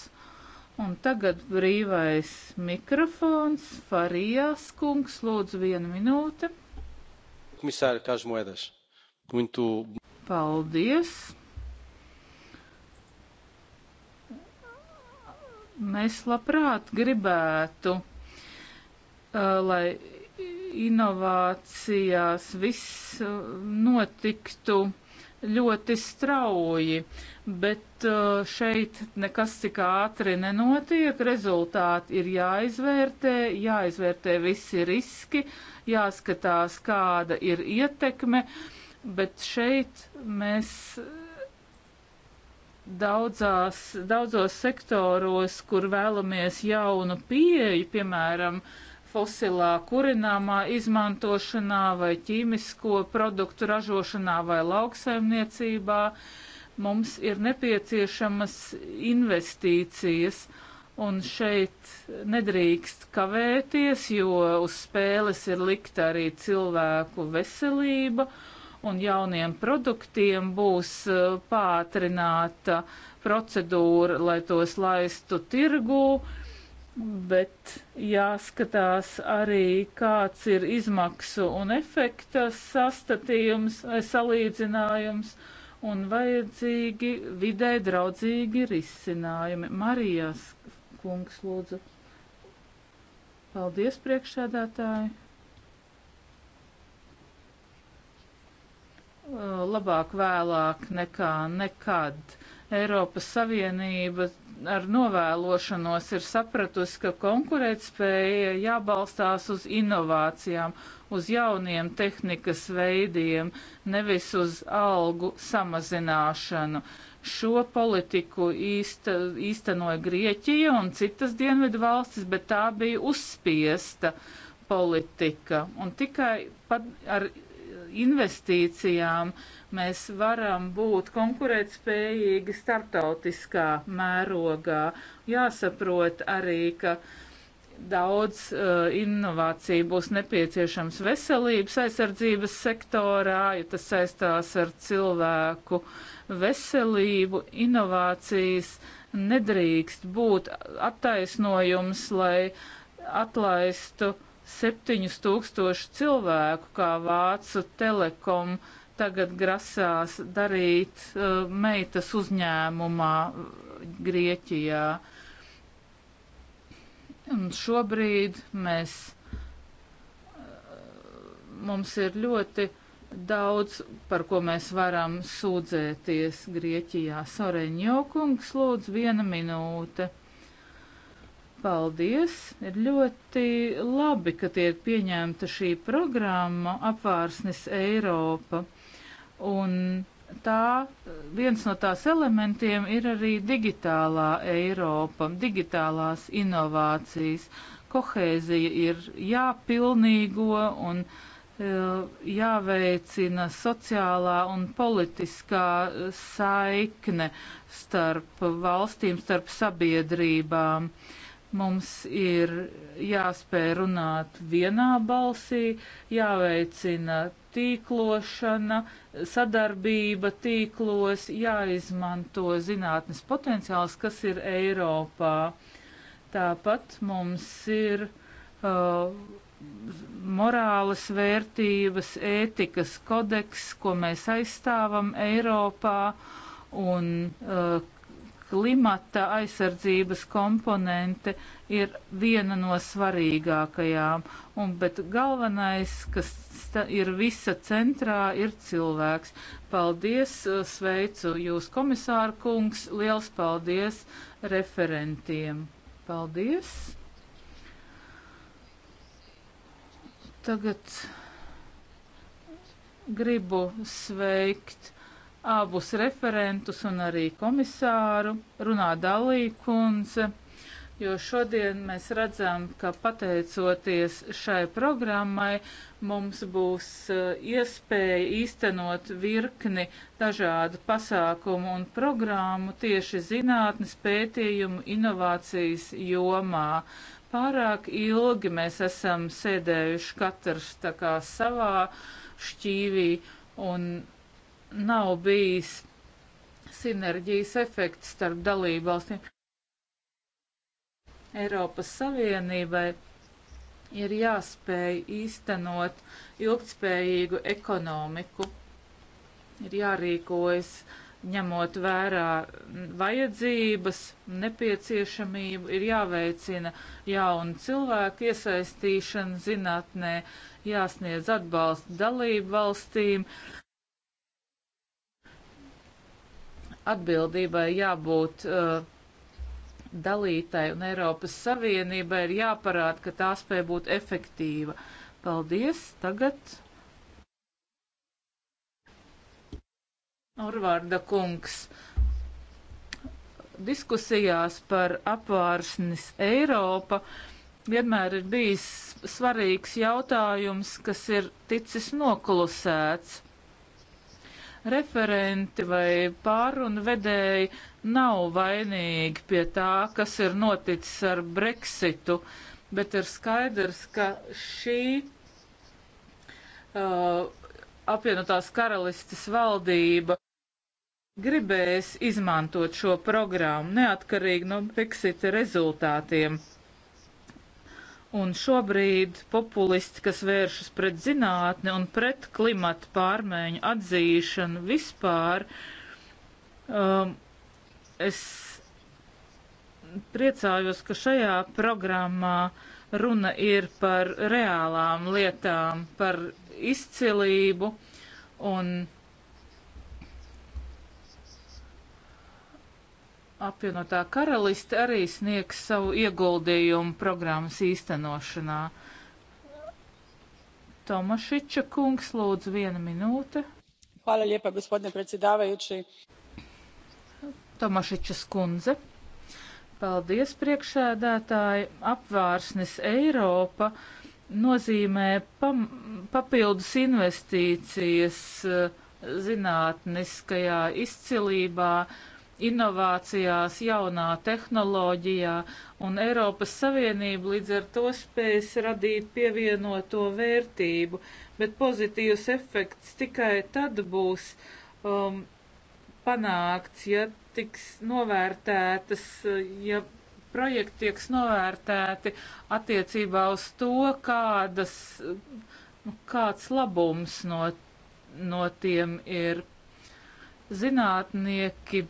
Un tagad brīvais mikrofons. Farijas kungs, lūdzu, vienu minūti. Komisāri Kažmoedas. Muito... Paldies. Mēs labprāt gribētu, lai inovācijās viss notiktu ļoti strauji, bet šeit nekas tik ātri nenotiek. Rezultāti ir jāizvērtē, jāizvērtē visi riski, jāskatās, kāda ir ietekme, bet šeit mēs daudzās, daudzos sektoros, kur vēlamies jaunu pieeju, piemēram, fosilā kurināmā izmantošanā vai ķīmisko produktu ražošanā vai lauksaimniecībā, mums ir nepieciešamas investīcijas. Un šeit nedrīkst kavēties, jo uz spēles ir likta arī cilvēku veselība un jauniem produktiem būs e, pātrināta procedūra, lai tos laistu tirgū bet jāskatās arī, kāds ir izmaksu un efekta sastatījums vai e, salīdzinājums un vajadzīgi vidē draudzīgi risinājumi. Marijas kungs lūdzu. Paldies priekšsēdētāji. Eh, labāk vēlāk nekā nekad. Eiropas Savienība ar novēlošanos ir sapratusi, ka konkurētspēja jābalstās uz inovācijām, uz jauniem tehnikas veidiem, nevis uz algu samazināšanu. Šo politiku īsta, īstenoja Grieķija un citas dienvidu valstis, bet tā bija uzspiesta politika. Un tikai pat ar investīcijām mēs varam būt konkurētspējīgi starptautiskā mērogā. Jāsaprot arī, ka daudz uh, inovāciju būs nepieciešams veselības aizsardzības sektorā, jo tas saistās ar cilvēku veselību, inovācijas nedrīkst būt attaisnojums, lai atlaistu uh, 7000 cilvēku, kā Vācu Telekom tagad grasās darīt uh, meitas uzņēmumā uh, Grieķijā. Un šobrīd mēs, uh, mums ir ļoti daudz, par ko mēs varam sūdzēties Grieķijā. Soreņokungs, lūdzu, viena minūte. Paldies! Ir ļoti labi, ka tiek pieņemta šī programma apvārsnes Eiropa. Un tā viens no tās elementiem ir arī digitālā Eiropa, digitālās inovācijas. Kohēzija ir jāpilnīgo un e, jāveicina sociālā un politiskā saikne starp valstīm, starp sabiedrībām. Uh, Mums ir jāspēj runāt vienā balsī, jāveicina tīklošana, sadarbība tīklos, jāizmanto zinātnes potenciāls, kas ir Eiropā. Tāpat mums ir uh, morāles vērtības, ētikas kodeks, ko mēs aizstāvam Eiropā, un uh, klimata aizsardzības komponente ir viena no svarīgākajām, un, bet galvenais, kas ir visa centrā, ir cilvēks. Paldies, sveicu jūs, komisāra kungs, liels paldies referentiem. Paldies! Tagad gribu sveikt abus referentus un arī komisāru, runā Dalī kundze, jo šodien mēs redzam, ka pateicoties šai programmai mums būs eh, iespēja īstenot virkni dažādu pasākumu un programmu tieši zinātnes pētījumu inovācijas jomā. Pārāk ilgi mēs esam sēdējuši katrs tā kā savā šķīvī un nav bijis sinerģijas efekts starp dalību valstīm. Eiropas Savienībai ir jāspēj īstenot ilgtspējīgu ekonomiku, ir jārīkojas ņemot vērā vajadzības, nepieciešamību, ir jāveicina jaunu cilvēku iesaistīšana zinātnē, jāsniedz atbalsts dalību valstīm, uh, atbildībai jābūt uh, dalītai un Eiropas Savienībai ir jāparāda, ka tā spēja būt efektīva. Paldies! Tagad Orvārda kungs diskusijās par apvārsnes Eiropa vienmēr ir bijis svarīgs jautājums, kas ir ticis noklusēts referenti vai pārunu vedēji nav vainīgi pie tā, kas ir noticis ar Brexitu, bet ir skaidrs, ka šī uh, apvienotās karalistes valdība gribēs izmantot šo programmu neatkarīgi no Brexita rezultātiem. Un šobrīd populisti, kas vēršas pret zinātni un pret klimatu pārmaiņu atzīšanu vispār, um, es priecājos, ka šajā programmā runa ir par reālām lietām, par izcilību un apvienotā karaliste arī sniegs savu ieguldījumu programmas īstenošanā. Tomašiča kungs, lūdzu, viena minūte. Hvala lijepa, gospodine predsjedavajući. Tomašiča skundze. Paldies, priekšēdētāji. Apvārsnes Eiropa nozīmē pam, papildus investīcijas eh, zinātniskajā izcilībā inovācijās, jaunā tehnoloģijā, un Eiropas Savienība līdz ar to spējas radīt pievienoto vērtību, bet pozitīvs efekts tikai tad būs um, panākts, ja tiks novērtētas, ja projekti tieks novērtēti attiecībā uz to, kādas, kāds labums no, no tiem ir. Zinātnieki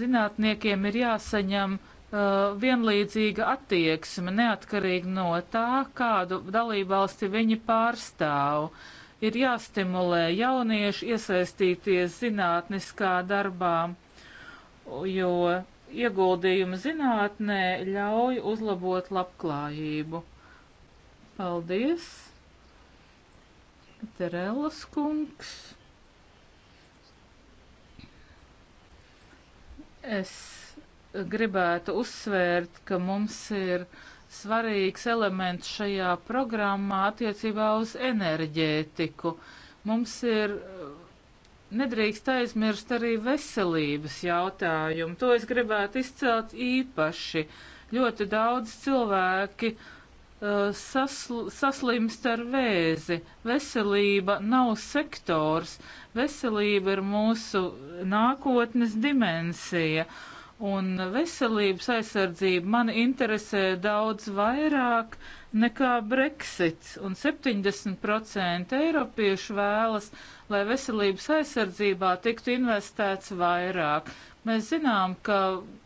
Zinātniekiem ir jāsaņem uh, vienlīdzīga attieksme, neatkarīgi no tā, kādu dalībvalsti viņi pārstāv. Ir jāstimulē jaunieši iesaistīties zinātniskā darbā, jo ieguldījumi zinātnē ļauj uzlabot labklājību. Paldies! Terēlas kungs. Es gribētu uzsvērt, ka mums ir svarīgs elements šajā programmā attiecībā uz enerģētiku. Mums ir nedrīkst aizmirst arī veselības jautājumu. To es gribētu izcelt īpaši. Ļoti daudz cilvēki Eh, sasl saslimst ar vēzi. Veselība nav sektors, veselība ir mūsu nākotnes dimensija. Un veselības aizsardzība man interesē daudz vairāk nekā Brexits. Un 70% eiropiešu vēlas, lai veselības aizsardzībā tiktu investēts vairāk. Mēs zinām, ka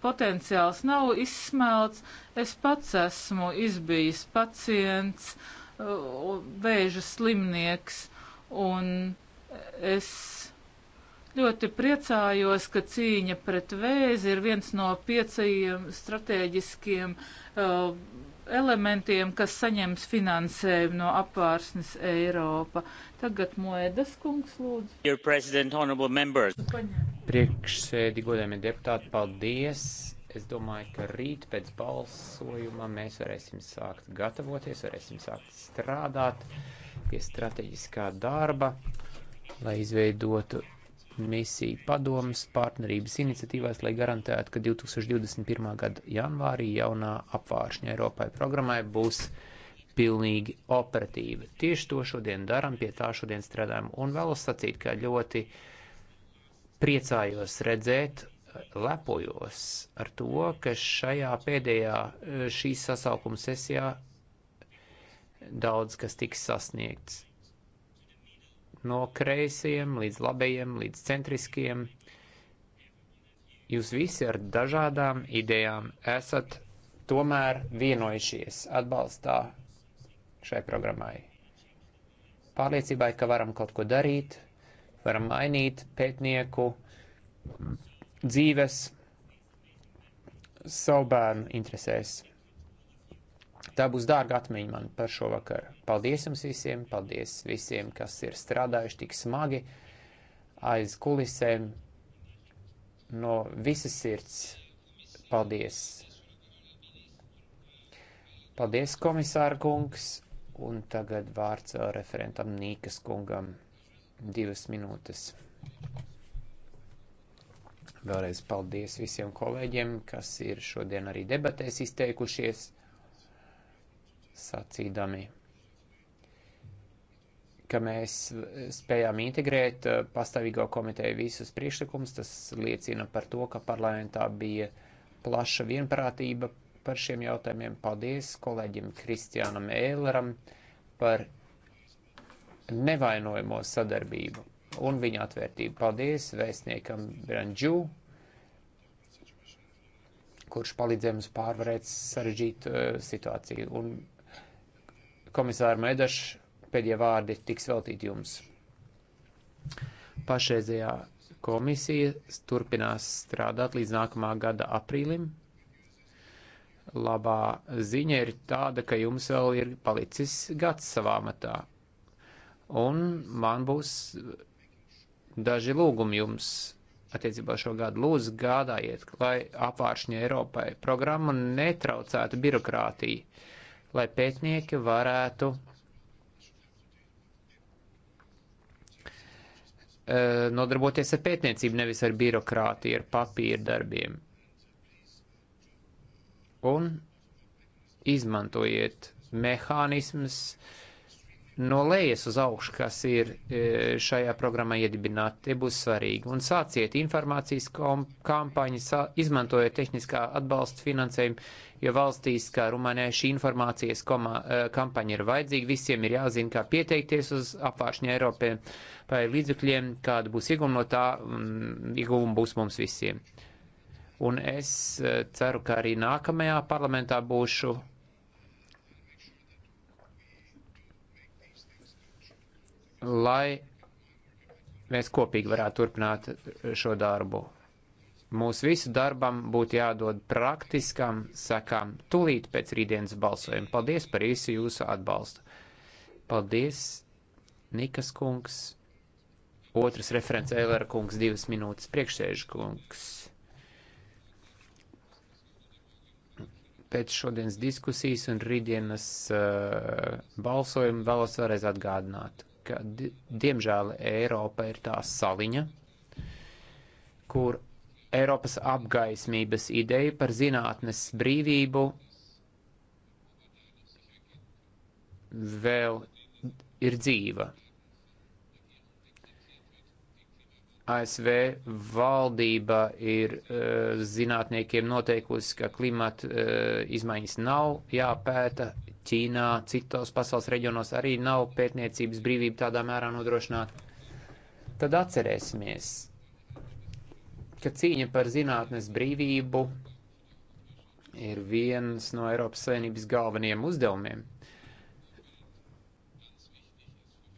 potenciāls nav izsmelts. Es pats esmu izbijis pacients, uh, vēža slimnieks, un es ļoti priecājos, ka cīņa pret vēzi ir viens no piecajiem strateģiskiem uh, elementiem, kas saņems finansējumu no apvārsnes Eiropa. Tagad Moedas kungs lūdzu. Priekšsēdi, godējumie deputāti, paldies. Es domāju, ka rīt pēc balsojuma mēs varēsim sākt gatavoties, varēsim sākt strādāt pie strateģiskā darba, lai izveidotu misiju padomas partnerības iniciatīvās, lai garantētu, ka 2021. gada janvārī jaunā apvāršņa Eiropai programmai būs pilnīgi operatīva. Tieši to šodien daram, pie tā šodien strādājam un vēlos sacīt, ka ļoti priecājos redzēt, lepojos ar to, ka šajā pēdējā šīs sasaukuma sesijā daudz kas tiks sasniegts no kreisiem līdz labējiem, līdz centriskiem. Jūs visi ar dažādām idejām esat tomēr vienojušies atbalstā šai programmai. Pārliecībai, ka varam kaut ko darīt, varam mainīt pētnieku dzīves savu bērnu interesēs. Tā būs dārga atmiņa man par šo vakaru. Paldies jums visiem, paldies visiem, kas ir strādājuši tik smagi aiz kulisēm. No visas sirds paldies. Paldies, komisāra kungs, un tagad vārds referentam Nīkas kungam. Divas minūtes. Vēlreiz paldies visiem kolēģiem, kas ir šodien arī debatēs izteikušies sacīdami, ka mēs spējām integrēt eh, pastāvīgo komiteju visus priekšlikumus. Tas liecina par to, ka parlamentā bija plaša vienprātība par šiem jautājumiem. Paldies kolēģim Kristiānam Ēleram par nevainojamo sadarbību un viņa atvērtību. Paldies vēstniekam Brandžū, kurš palīdzēja mums pārvarēt sarežģītu uh, situāciju. Un Komisāra Medaša pēdējie vārdi tiks veltīti jums. Pašreizējā komisija turpinās strādāt līdz nākamā gada aprīlim. Labā ziņa ir tāda, ka jums vēl ir palicis gads savā matā. Un man būs daži lūgumi jums attiecībā šo gadu. Lūdzu, gādājiet, lai apvāršņa Eiropai programma netraucētu birokrātiju lai pētnieki varētu eh, nodarboties ar pētniecību, nevis ar birokrātiju, ar papīra darbiem. Un izmantojiet mehānismus, uh, no lejas uz augšu, kas ir e, šajā programmā iedibināti. Tie būs svarīgi. Un sāciet informācijas kampaņu, sā, izmantojiet tehniskā atbalsta finansējumu, jo valstīs, kā Rumānijā, šī informācijas komā, e, kampaņa ir vajadzīga. Visiem ir jāzina, kā pieteikties uz apvāršņu Eiropē vai līdzekļiem, kāda būs ieguma no tā, un ieguvuma būs mums visiem. Un es e, ceru, ka arī nākamajā parlamentā būšu lai mēs kopīgi varētu turpināt šo darbu. Mūsu visu darbam būtu jādod praktiskam sakām tulīt pēc rītdienas balsojuma. Paldies par visu jūsu atbalstu. Paldies, Nikas kungs. Otrs referents Eilera kungs, divas minūtes priekšsēžu kungs. Pēc šodienas diskusijas un rītdienas uh, balsojuma vēlos vēlreiz atgādināt, ka diemžēl Eiropa ir tā saliņa, kur Eiropas apgaismības ideja par zinātnes brīvību vēl ir dzīva. ASV valdība ir uh, zinātniekiem noteikusi, ka klimata uh, izmaiņas nav jāpēta. Ķīnā, citos pasaules reģionos arī nav pētniecības brīvība tādā mērā nodrošināta. Tad atcerēsimies, ka cīņa par zinātnes brīvību ir viens no Eiropas Savienības galvenajiem uzdevumiem.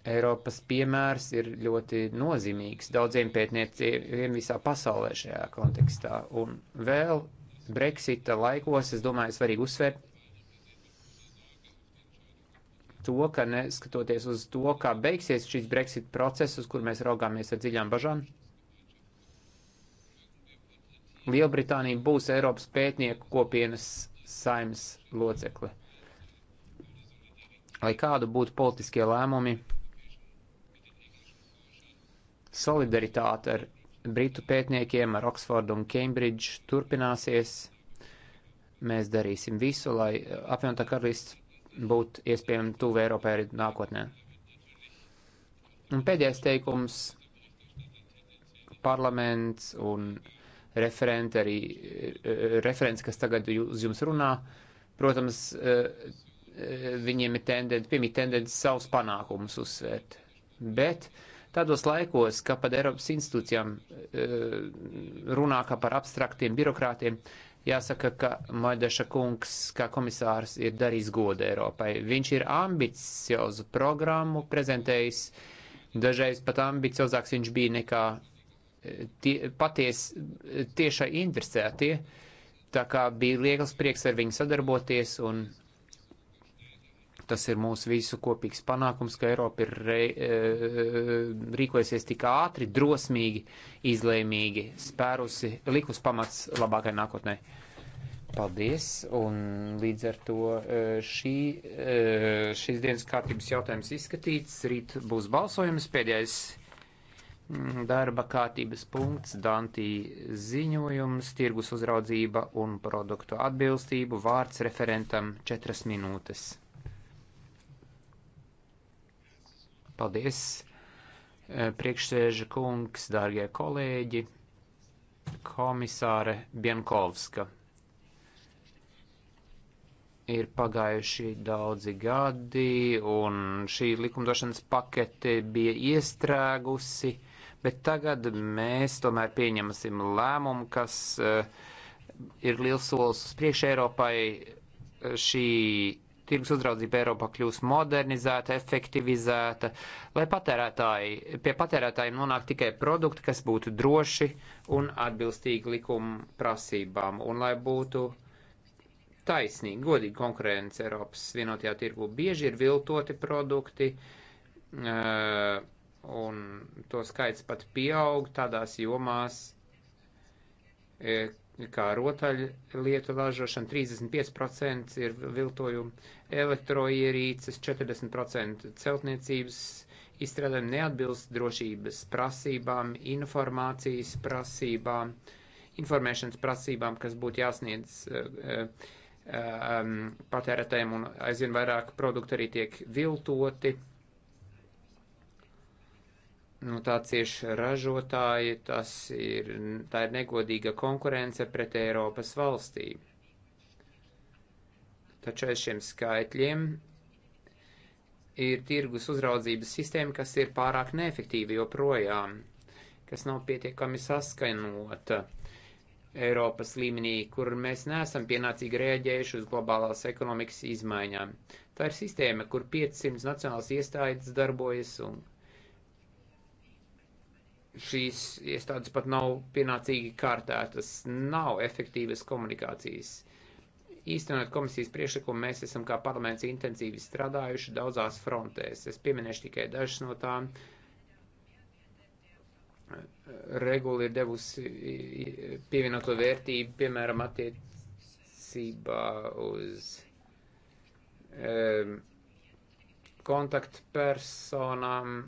Eiropas piemērs ir ļoti nozīmīgs daudziem pētniekiem visā pasaulē šajā kontekstā. Un vēl Brexita laikos, es domāju, svarīgi uzsvērt to, ka neskatoties uz to, kā beigsies šis Brexit process, uz kur mēs raugāmies ar dziļām bažām, Lielbritānija būs Eiropas pētnieku kopienas saimas locekle. Lai kādu būtu politiskie lēmumi, Solidaritāte ar Britu pētniekiem, ar Oksfordu un Cambridge turpināsies. Mēs darīsim visu, lai apvienotā karalists būtu iespējami tuvu Eiropai arī nākotnē. Un pēdējais teikums - parlaments un referenti, arī eh, referents, kas tagad uz jums runā. Protams, eh, eh, viņiem ir tendence, piemīt tendence savus panākumus uzsvērt. Bet uh, Tādos laikos, kad pat Eiropas institūcijām e, runā kā par abstraktiem birokrātiem, jāsaka, ka Maideša kungs kā komisārs ir darījis godu Eiropai. Viņš ir ambiciozu programmu prezentējis, dažreiz pat ambiciozāks viņš bija nekā e, tie, paties e, tiešai interesētie. Tā kā bija liels prieks ar viņu sadarboties un Tas ir mūsu visu kopīgs panākums, ka Eiropa ir re, e, rīkojusies tik ātri, drosmīgi, izlēmīgi, spērusi likus pamats labākai nākotnē. Paldies, un līdz ar to e, šī, e, šīs dienas kārtības jautājums izskatīts. Rīt būs balsojums pēdējais mm, darba kārtības punkts, Dantī ziņojums, tirgus uzraudzība un produktu atbilstību, vārds referentam četras minūtes. Paldies, e, priekšsēža kungs, dārgie kolēģi, komisāre Bienkovska. Ir pagājuši daudzi gadi, un šī likumdošanas pakete bija iestrēgusi, bet tagad mēs tomēr pieņemsim lēmumu, kas uh, ir liels solis uz priekšu Eiropai šī tirgus uzraudzība Eiropā kļūs modernizēta, efektivizēta, lai patērētāji, pie patērētājiem nonāk tikai produkti, kas būtu droši un atbilstīgi likuma prasībām, un lai būtu taisnīgi, godīgi konkurence Eiropas vienotajā tirgu. Bieži ir viltoti produkti, eh, un to skaits pat pieaug tādās jomās, eh, kā rotaļu lietu lāžošana, 35% ir viltojumi, elektroierīces, 40% celtniecības izstrādājumi neatbilst drošības prasībām, informācijas prasībām, informēšanas prasībām, kas būtu jāsniedz uh, um, patērētājiem un aizvien vairāk produktu arī tiek viltoti. Uh, no nu, tā cieši ražotāji, tas ir, tā ir negodīga konkurence pret Eiropas valstīm. Taču aiz šiem skaitļiem ir tirgus uzraudzības sistēma, kas ir pārāk neefektīva joprojām, kas nav pietiekami saskainota Eiropas līmenī, kur mēs neesam pienācīgi rēģējuši uz globālās ekonomikas izmaiņām. Tā ir sistēma, kur 500 nacionālas iestādes darbojas un šīs iestādes pat nav pienācīgi kārtētas, nav efektīvas komunikācijas. Īstenot komisijas priekšlikumu, mēs esam kā parlaments intensīvi strādājuši daudzās frontēs. Es pieminēšu tikai dažas no tām. Regula ir devusi pievienoto vērtību, piemēram, attiecībā uz um, kontaktpersonām